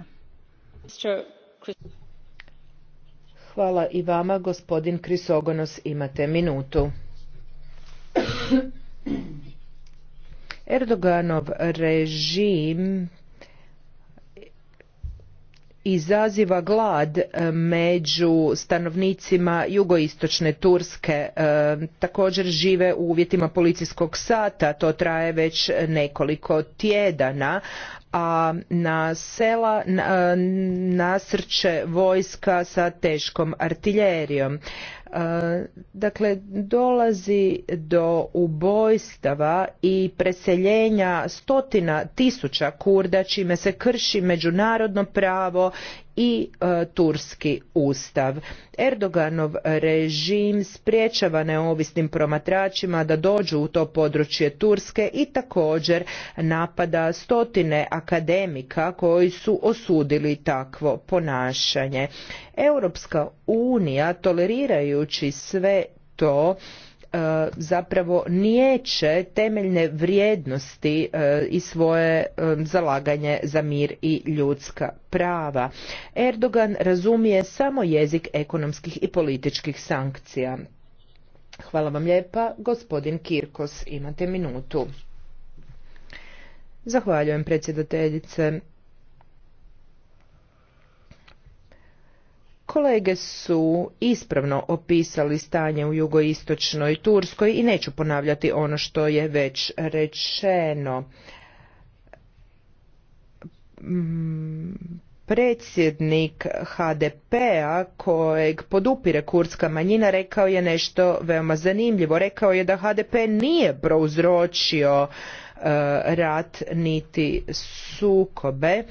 Hvala i vama, gospodin Krisogonos, imate minutu. Erdoganov režim izaziva glad e, među stanovnicima jugoistočne Turske. E, također žive u uvjetima policijskog sata, to traje već nekoliko tjedana, a na sela nasrče vojska sa teškom artiljerijom. E, dakle, dolazi do ubojstava i preseljenja stotina tisuća kurda čime se krši međunarodno pravo i e, turski ustav. Erdoganov režim spriječava neovisnim promatračima da dođu u to područje Turske i također napada stotine akademika koji su osudili takvo ponašanje. Europska unija tolerirajući sve to E, zapravo niječe temeljne vrijednosti e, i svoje e, zalaganje za mir i ljudska prava. Erdogan razumije samo jezik ekonomskih i političkih sankcija. Hvala vam lijepa. Gospodin Kirkos, imate minutu. Zahvaljujem predsjedateljice. Kolege su ispravno opisali stanje u jugoistočnoj Turskoj i neću ponavljati ono što je već rečeno. Mm, predsjednik HDP-a kojeg podupire kurska manjina rekao je nešto veoma zanimljivo. Rekao je da HDP nije prouzročio e, rat niti sukobe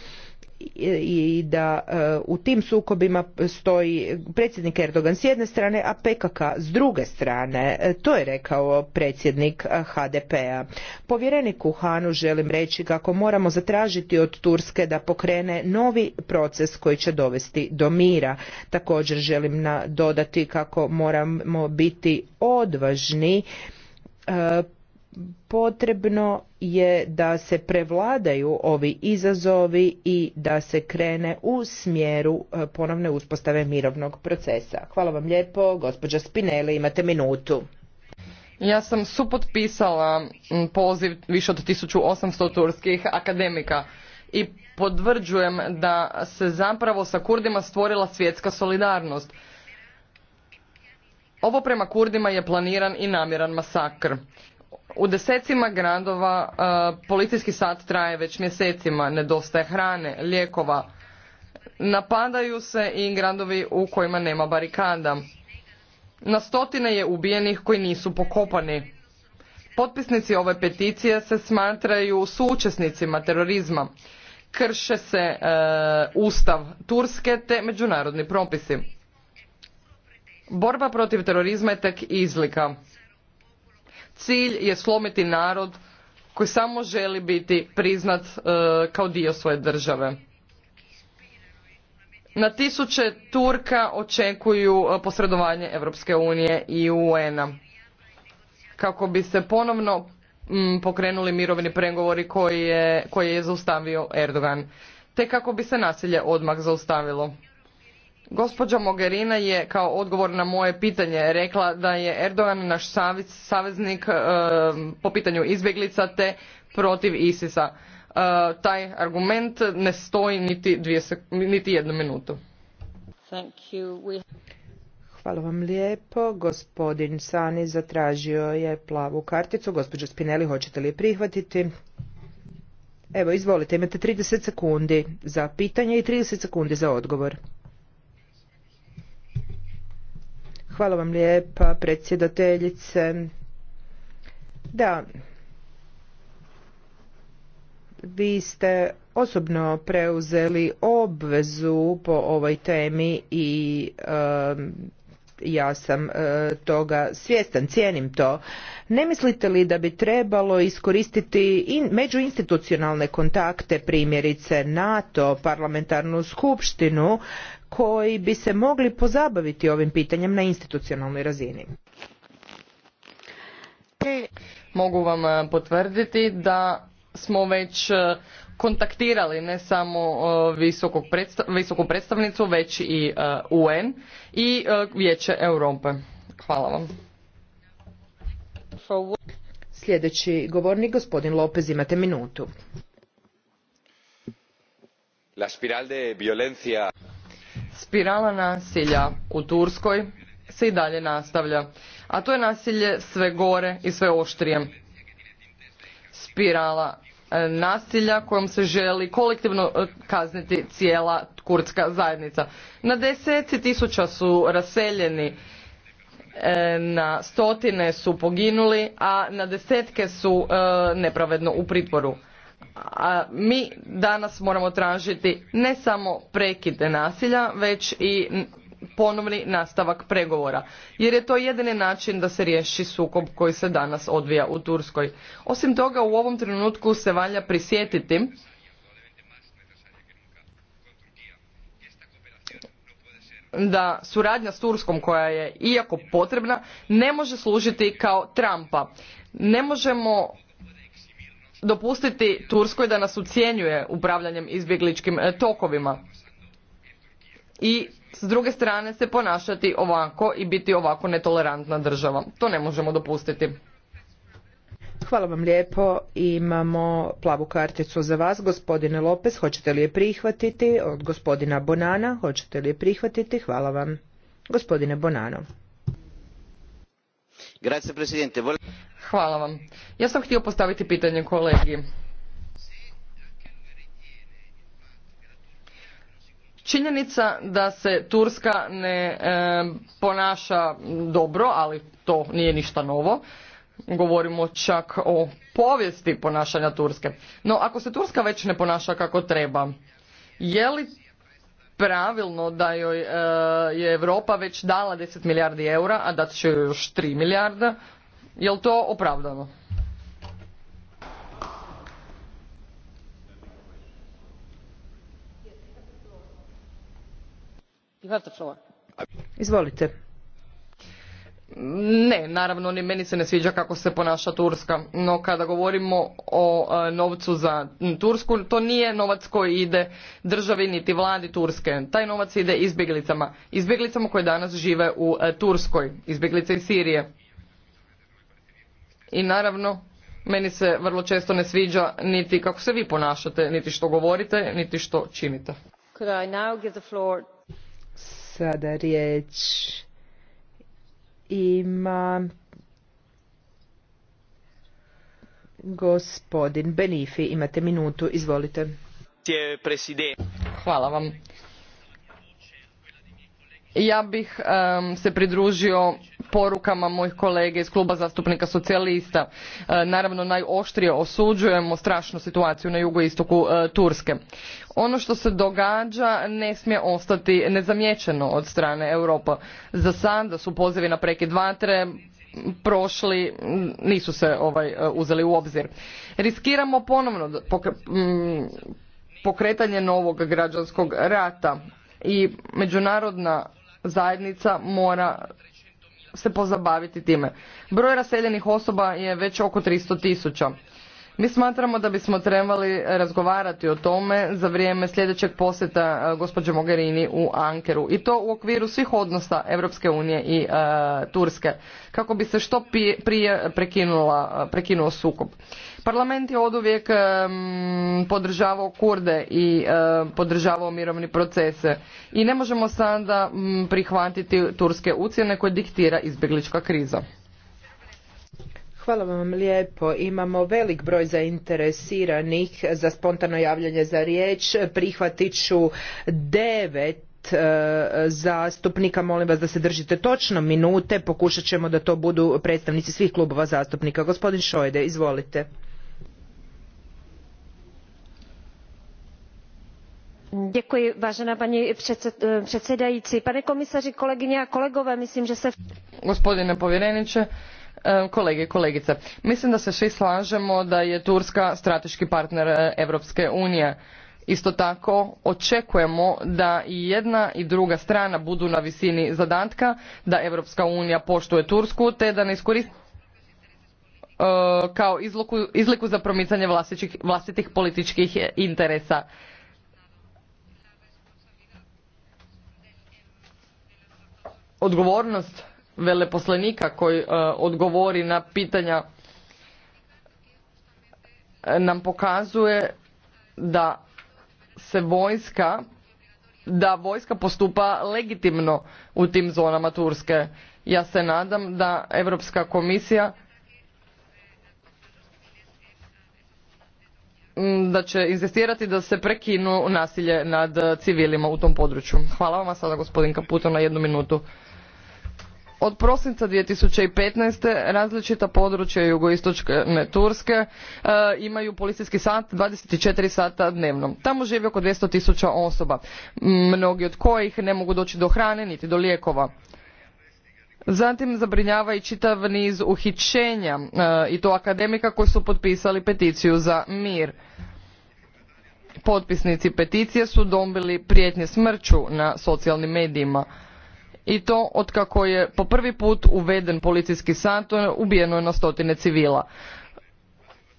i da e, u tim sukobima stoji predsjednik Erdogan s jedne strane, a PKK s druge strane. E, to je rekao predsjednik e, HDP-a. Povjereniku Hanu želim reći kako moramo zatražiti od Turske da pokrene novi proces koji će dovesti do mira. Također želim dodati kako moramo biti odvažni potrebno je da se prevladaju ovi izazovi i da se krene u smjeru e, ponovne uspostave mirovnog procesa. Hvala vam lijepo, gospođa Spinelli, imate minutu. Ja sam supotpisala poziv više od 1800 turskih akademika i podvrđujem da se zapravo sa Kurdima stvorila svjetska solidarnost. Ovo prema Kurdima je planiran i namjeran masakr. U desecima gradova e, policijski sat traje već mjesecima, nedostaje hrane, lijekova. Napadaju se i gradovi u kojima nema barikada. Na stotine je ubijenih koji nisu pokopani. Potpisnici ove peticije se smatraju suučesnicima terorizma. Krše se e, ustav Turske te međunarodni propisi. Borba protiv terorizma je tek izlika Cilj je slomiti narod koji samo želi biti priznat e, kao dio svoje države. Na tisuće Turka očekuju e, posredovanje Europske unije i UN-a kako bi se ponovno pokrenuli mirovni pregovori koje je, koje je zaustavio Erdogan, te kako bi se nasilje odmah zaustavilo. Gospođa Mogherina je kao odgovor na moje pitanje rekla da je Erdogan naš saveznik e, po pitanju izbjeglica te protiv ISIS-a. E, taj argument ne stoji niti, jednu minutu. Hvala vam lijepo. Gospodin Sani zatražio je plavu karticu. Gospođo Spinelli, hoćete li je prihvatiti? Evo, izvolite, imate 30 sekundi za pitanje i 30 sekundi za odgovor. Hvala vam lijepa, predsjedateljice. Da, vi ste osobno preuzeli obvezu po ovoj temi i um, ja sam e, toga svjestan, cijenim to. Ne mislite li da bi trebalo iskoristiti in, međuinstitucionalne kontakte, primjerice NATO, parlamentarnu skupštinu, koji bi se mogli pozabaviti ovim pitanjem na institucionalnoj razini? Mogu vam e, potvrditi da smo već e, kontaktirali ne samo visokog visoku predstavnicu već i e, UN i e, Vijeće Europe. Hvala vam. Sljedeći govornik, gospodin Lopez, imate minutu. La Spirala nasilja u Turskoj se i dalje nastavlja, a to je nasilje sve gore i sve oštrije. Spirala E, nasilja kojom se želi kolektivno e, kazniti cijela kurdska zajednica. Na deseci tisuća su raseljeni, e, na stotine su poginuli, a na desetke su nepravedno u pritvoru. A mi danas moramo tražiti ne samo prekide nasilja, već i ponovni nastavak pregovora jer je to jedini način da se riješi sukob koji se danas odvija u Turskoj. Osim toga u ovom trenutku se valja prisjetiti da suradnja s Turskom koja je iako potrebna ne može služiti kao Trumpa. Ne možemo dopustiti Turskoj da nas ucjenjuje upravljanjem izbjegličkim tokovima. I s druge strane se ponašati ovako i biti ovako netolerantna država. To ne možemo dopustiti. Hvala vam lijepo. Imamo plavu karticu za vas. Gospodine Lopez, hoćete li je prihvatiti? Od gospodina Bonana, hoćete li je prihvatiti? Hvala vam. Gospodine Bonano. Hvala vam. Ja sam htio postaviti pitanje kolegi. Činjenica da se Turska ne e, ponaša dobro, ali to nije ništa novo, govorimo čak o povijesti ponašanja Turske. No, ako se Turska već ne ponaša kako treba, je li pravilno da joj e, je Europa već dala 10 milijardi eura, a dat će još 3 milijarda? Je li to opravdano? Izvolite. Ne, naravno, ni meni se ne sviđa kako se ponaša Turska, no kada govorimo o e, novcu za Tursku, to nije novac koji ide državi niti vladi Turske. Taj novac ide izbjeglicama. Izbjeglicama koje danas žive u e, Turskoj, izbjeglice iz Sirije. I naravno, meni se vrlo često ne sviđa niti kako se vi ponašate, niti što govorite, niti što činite. Sada riječ ima gospodin Benifi. Imate minutu, izvolite. Hvala vam ja bih se pridružio porukama mojih kolega iz kluba zastupnika socijalista e, naravno najoštrije osuđujemo strašnu situaciju na jugoistoku e, turske ono što se događa ne smije ostati nezamijećeno od strane europa za sada su pozivi na prekid vatre prošli nisu se ovaj e, uzeli u obzir riskiramo ponovno pokretanje novog građanskog rata i međunarodna zajednica mora se pozabaviti time. Broj raseljenih osoba je već oko 300 tisuća. Mi smatramo da bismo trebali razgovarati o tome za vrijeme sljedećeg posjeta e, gospođe Mogherini u Ankeru i to u okviru svih odnosa Europske unije i e, Turske kako bi se što prije prekinula, e, prekinuo sukob. Parlament je oduvijek podržavao kurde i podržavao mirovni procese i ne možemo sada prihvatiti turske ucjene koje diktira izbjeglička kriza. Hvala vam lijepo. Imamo velik broj zainteresiranih za spontano javljanje za riječ. Prihvatit ću devet e, zastupnika molim vas da se držite točno minute pokušat ćemo da to budu predstavnici svih klubova zastupnika gospodin Šojde izvolite paní předsedající pane komisaři kolegyně a kolegové mislim se. gospodine povjereniče e, kolege i kolegice mislim da se svi slažemo da je turska strateški partner europske unije. isto tako očekujemo da i jedna i druga strana budu na visini zadatka da europska unija poštuje tursku te da ne iskoristi e, kao izliku za promicanje vlastitih političkih interesa odgovornost veleposlenika koji e, odgovori na pitanja e, nam pokazuje da se vojska da vojska postupa legitimno u tim zonama Turske. Ja se nadam da Europska komisija da će inzistirati da se prekinu nasilje nad civilima u tom području. Hvala vam sada gospodin Kaputo na jednu minutu od prosinca 2015. različita područja jugoistočne Turske e, imaju policijski sat 24 sata dnevno. Tamo žive oko hundred tisuća osoba, mnogi od kojih ne mogu doći do hrane niti do lijekova. Zatim zabrinjava i čitav niz uhićenja e, i to akademika koji su potpisali peticiju za mir. Potpisnici peticije su dobili prijetnje smrću na socijalnim medijima i to otkako je po prvi put uveden policijski sat ubijeno je na stotine civila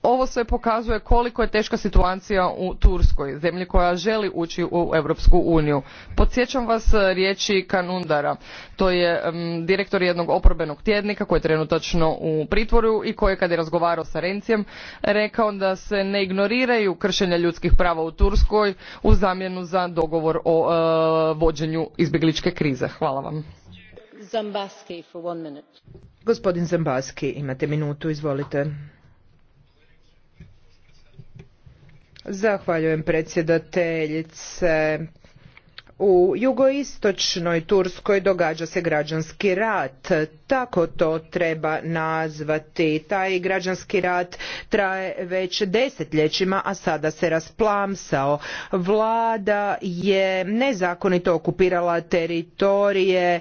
ovo sve pokazuje koliko je teška situacija u turskoj zemlji koja želi ući u europsku uniju podsjećam vas eh, riječi kanundara to je mm, direktor jednog oporbenog tjednika koji je trenutačno u pritvoru i koji je kad je razgovarao sa rencijem rekao da se ne ignoriraju kršenja ljudskih prava u turskoj u zamjenu za dogovor o eh, vođenju izbjegličke krize hvala vam Gospodin Zambaski, imate minutu, izvolite. Zahvaljujem predsjedateljice. U jugoistočnoj Turskoj događa se građanski rat, tako to treba nazvati. Taj građanski rat traje već desetljećima, a sada se rasplamsao. Vlada je nezakonito okupirala teritorije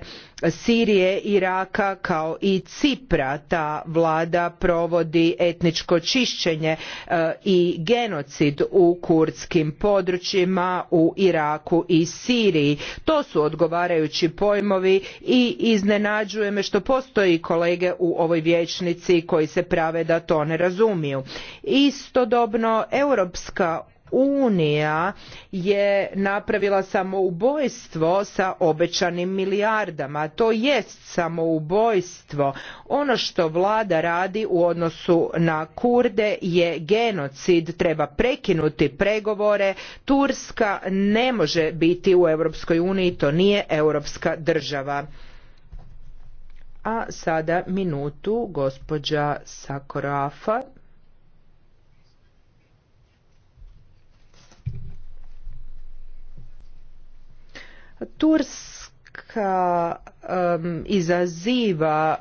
Sirije, Iraka kao i Cipra ta vlada provodi etničko čišćenje e, i genocid u kurdskim područjima u Iraku i Siriji. To su odgovarajući pojmovi i iznenađuje me što postoji kolege u ovoj vijećnici koji se prave da to ne razumiju. Istodobno Europska unija je napravila samoubojstvo sa obećanim milijardama. To jest samoubojstvo. Ono što vlada radi u odnosu na Kurde je genocid. Treba prekinuti pregovore. Turska ne može biti u Europskoj uniji. To nije europska država. A sada minutu gospođa Sakorafa. Turska izaziva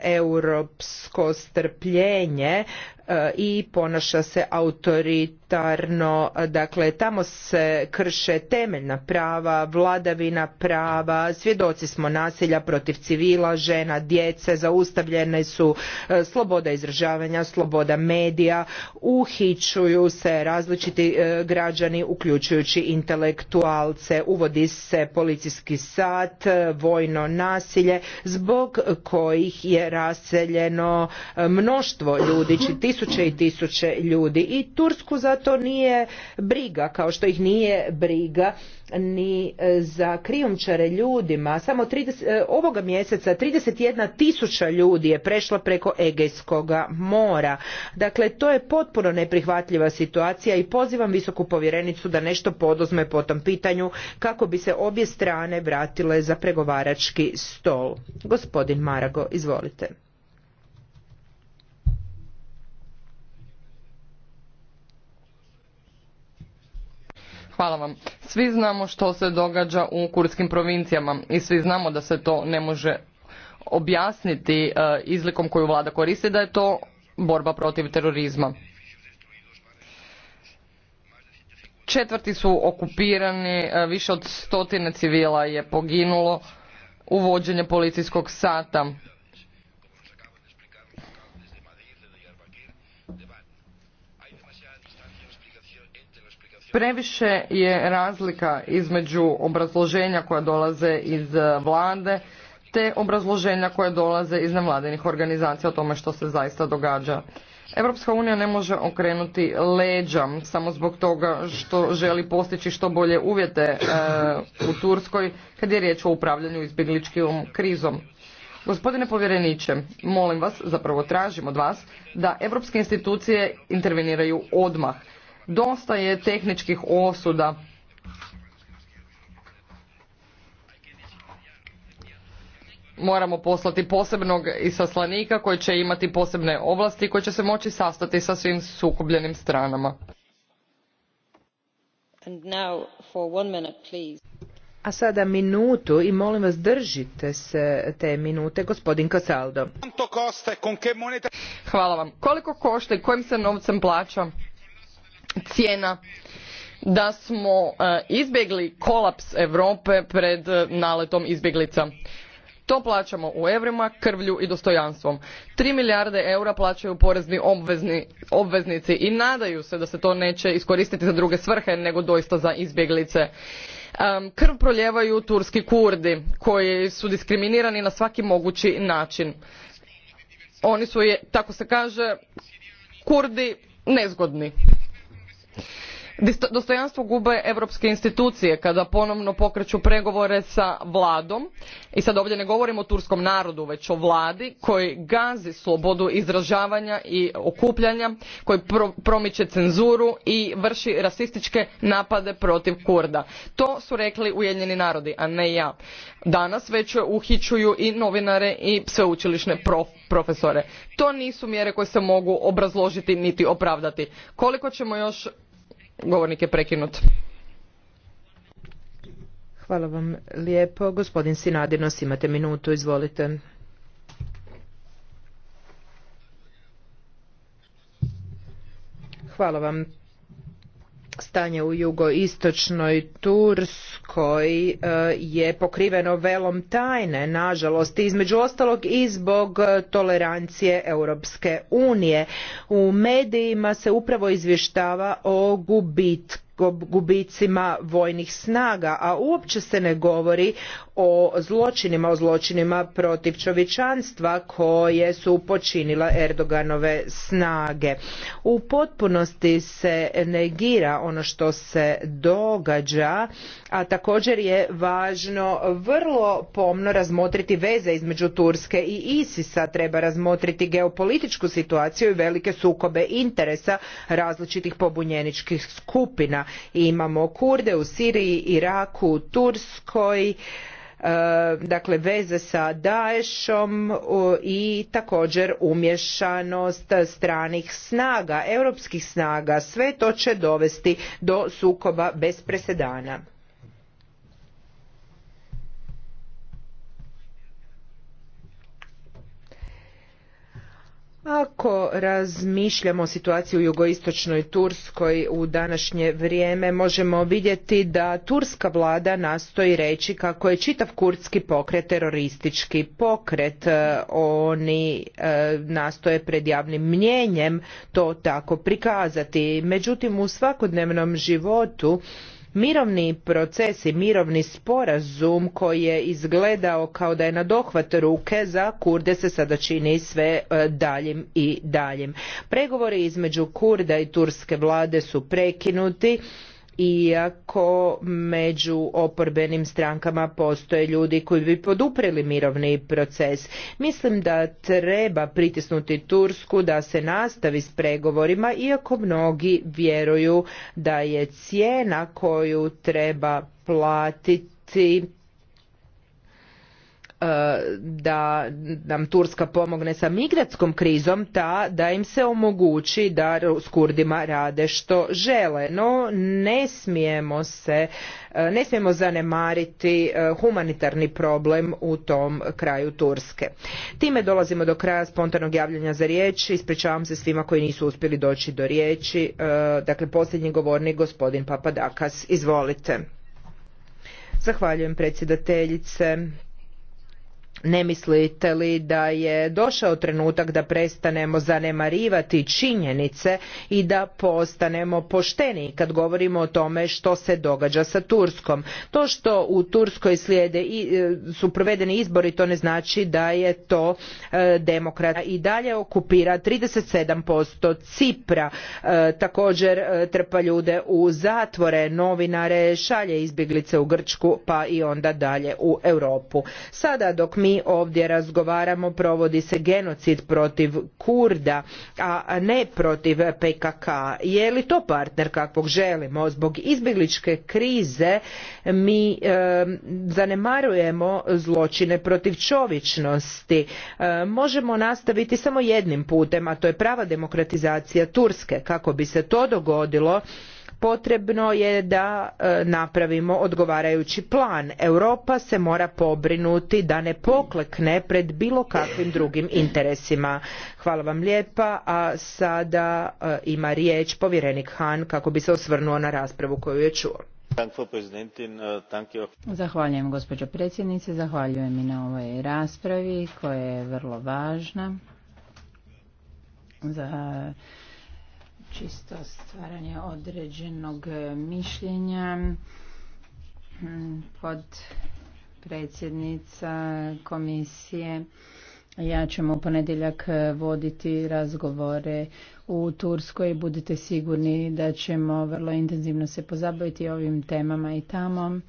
europsko strpljenje e, i ponaša se autoritarno dakle tamo se krše temeljna prava vladavina prava svjedoci smo nasilja protiv civila žena djece zaustavljene su e, sloboda izražavanja sloboda medija uhićuju se različiti e, građani uključujući intelektualce uvodi se policijski sat vojno nasilje zbog kojih je raseljeno e, mnoštvo ljudi, či znači tisuće i tisuće ljudi. I Tursku za to nije briga, kao što ih nije briga ni e, za krijumčare ljudima. Samo 30, e, ovoga mjeseca 31 tisuća ljudi je prešla preko Egejskoga mora. Dakle, to je potpuno neprihvatljiva situacija i pozivam visoku povjerenicu da nešto poduzme po tom pitanju kako bi se obje strane vratile za pregovarač stol. Gospodin Marago, izvolite. Hvala vam. Svi znamo što se događa u kurdskim provincijama i svi znamo da se to ne može objasniti e, izlikom koju vlada koristi da je to borba protiv terorizma. Četvrti su okupirani, e, više od stotine civila je poginulo uvođenje policijskog sata. Previše je razlika između obrazloženja koja dolaze iz e, vlade te obrazloženja koja dolaze iz nevladinih organizacija o tome što se zaista događa. Europska unija ne može okrenuti leđa samo zbog toga što želi postići što bolje uvjete e, u Turskoj kad je riječ o upravljanju izbjegličkim krizom. Gospodine povjereniče, molim vas, zapravo tražim od vas, da europske institucije interveniraju odmah. Dosta je tehničkih osuda moramo poslati posebnog izaslanika koji će imati posebne ovlasti i koji će se moći sastati sa svim sukobljenim stranama. a sada minutu i molim vas držite se te minute, gospodin Casaldo. E Hvala vam. Koliko košta i kojim se novcem plaća cijena da smo e, izbjegli kolaps Europe pred e, naletom izbjeglica? To plaćamo u evrima, krvlju i dostojanstvom. 3 milijarde eura plaćaju porezni obveznici i nadaju se da se to neće iskoristiti za druge svrhe nego doista za izbjeglice. Krv proljevaju turski kurdi koji su diskriminirani na svaki mogući način. Oni su, tako se kaže, kurdi nezgodni dostojanstvo gube europske institucije kada ponovno pokreću pregovore sa vladom i sad ovdje ne govorim o turskom narodu već o vladi koji gazi slobodu izražavanja i okupljanja koji promiče cenzuru i vrši rasističke napade protiv kurda to su rekli ujedinjeni narodi a ne ja danas već uhićuju i novinare i sveučilišne profesore to nisu mjere koje se mogu obrazložiti niti opravdati koliko ćemo još Govornik je prekinut. Hvala vam lijepo. Gospodin Sinadinos, imate minutu, izvolite. Hvala vam stanje u jugoistočnoj Turskoj e, je pokriveno velom tajne, nažalost, između ostalog i zbog tolerancije Europske unije. U medijima se upravo izvještava o gubitku gubicima vojnih snaga a uopće se ne govori o zločinima o zločinima protiv čovječanstva koje su počinile erdoganove snage u potpunosti se negira ono što se događa a također je važno vrlo pomno razmotriti veze između turske i isisa treba razmotriti geopolitičku situaciju i velike sukobe interesa različitih pobunjeničkih skupina imamo kurde u Siriji, Iraku, Turskoj, e, dakle veze sa Daeshom i također umješanost stranih snaga, europskih snaga. Sve to će dovesti do sukoba bez presedana. Ako razmišljamo o situaciji u jugoistočnoj Turskoj u današnje vrijeme, možemo vidjeti da turska vlada nastoji reći kako je čitav kurdski pokret teroristički pokret. E, oni e, nastoje pred javnim mnjenjem to tako prikazati. Međutim, u svakodnevnom životu Mirovni proces i mirovni sporazum koji je izgledao kao da je na dohvat ruke za Kurde se sada čini sve e, daljim i daljim. Pregovori između Kurda i turske vlade su prekinuti iako među oporbenim strankama postoje ljudi koji bi podupreli mirovni proces. Mislim da treba pritisnuti Tursku da se nastavi s pregovorima, iako mnogi vjeruju da je cijena koju treba platiti E, da nam Turska pomogne sa migratskom krizom ta da im se omogući da s Kurdima rade što žele. No ne smijemo se e, ne smijemo zanemariti e, humanitarni problem u tom kraju Turske. Time dolazimo do kraja spontanog javljanja za riječ. Ispričavam se svima koji nisu uspjeli doći do riječi. Dakle, posljednji govornik gospodin Papadakas. Izvolite. Zahvaljujem predsjedateljice. Ne mislite li da je došao trenutak da prestanemo zanemarivati činjenice i da postanemo pošteni kad govorimo o tome što se događa sa Turskom? To što u Turskoj slijede i, e, su provedeni izbori to ne znači da je to e, demokrata. i dalje okupira 37% Cipra e, također trpa ljude u zatvore novinare šalje izbjeglice u Grčku pa i onda dalje u Europu sada dok mi ovdje razgovaramo provodi se genocid protiv Kurda, a ne protiv PKK. Je li to partner kakvog želimo? Zbog izbjegličke krize mi e, zanemarujemo zločine protiv čovičnosti. E, možemo nastaviti samo jednim putem, a to je prava demokratizacija Turske. Kako bi se to dogodilo, Potrebno je da e, napravimo odgovarajući plan. Europa se mora pobrinuti da ne poklekne pred bilo kakvim drugim interesima. Hvala vam lijepa, a sada e, ima riječ povjerenik Han kako bi se osvrnuo na raspravu koju je čuo. Zahvaljujem gospođo predsjednice, zahvaljujem i na ovoj raspravi koja je vrlo važna za čisto stvaranje određenog mišljenja pod predsjednica komisije. Ja ćemo u ponedjeljak voditi razgovore u Turskoj. Budite sigurni da ćemo vrlo intenzivno se pozabaviti ovim temama i tamo.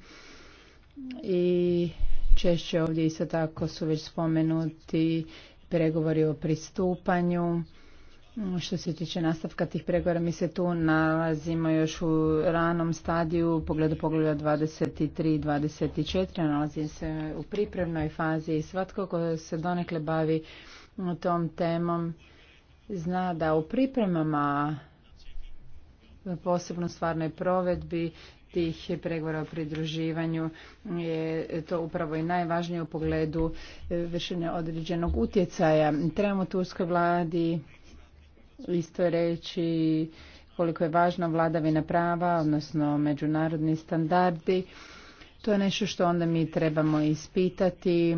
I češće ovdje isto tako su već spomenuti pregovori o pristupanju. Što se tiče nastavka tih pregovora, mi se tu nalazimo još u ranom stadiju u pogledu pogleda 23 i 24, nalazim se u pripremnoj fazi i svatko ko se donekle bavi tom temom zna da u pripremama posebno stvarnoj provedbi tih pregovora o pridruživanju je to upravo i najvažnije u pogledu vršenja određenog utjecaja. Trebamo turskoj vladi Isto reći koliko je važna vladavina prava, odnosno međunarodni standardi. To je nešto što onda mi trebamo ispitati.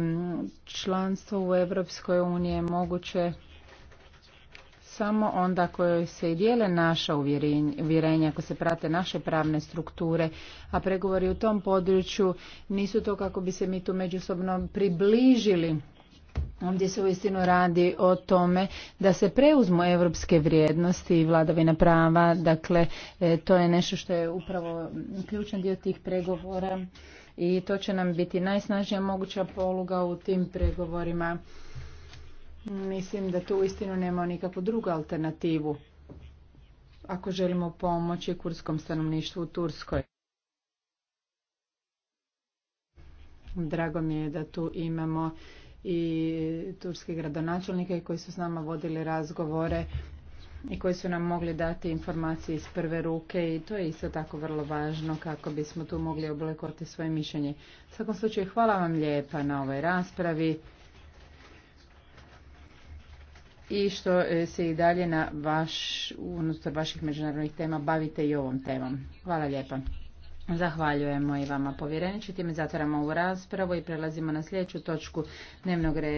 Članstvo u Europskoj uniji je moguće samo onda ako se i dijele naša uvjerenja, ako se prate naše pravne strukture, a pregovori u tom području nisu to kako bi se mi tu međusobno približili Ovdje se uistinu radi o tome da se preuzmu europske vrijednosti i vladavina prava, dakle e, to je nešto što je upravo ključan dio tih pregovora i to će nam biti najsnažnija moguća poluga u tim pregovorima. Mislim da tu istinu nema nikakvu drugu alternativu ako želimo pomoći kurskom stanovništvu u Turskoj. Drago mi je da tu imamo i turske gradonačelnike koji su s nama vodili razgovore i koji su nam mogli dati informacije iz prve ruke i to je isto tako vrlo važno kako bismo tu mogli oblikovati svoje mišljenje. U svakom slučaju hvala vam lijepa na ovoj raspravi i što e, se i dalje na vaš, unutar vaših međunarodnih tema bavite i ovom temom. Hvala lijepa. Zahvaljujemo i vama povjereniče. Time zatvaramo ovu raspravu i prelazimo na sljedeću točku dnevnog reda.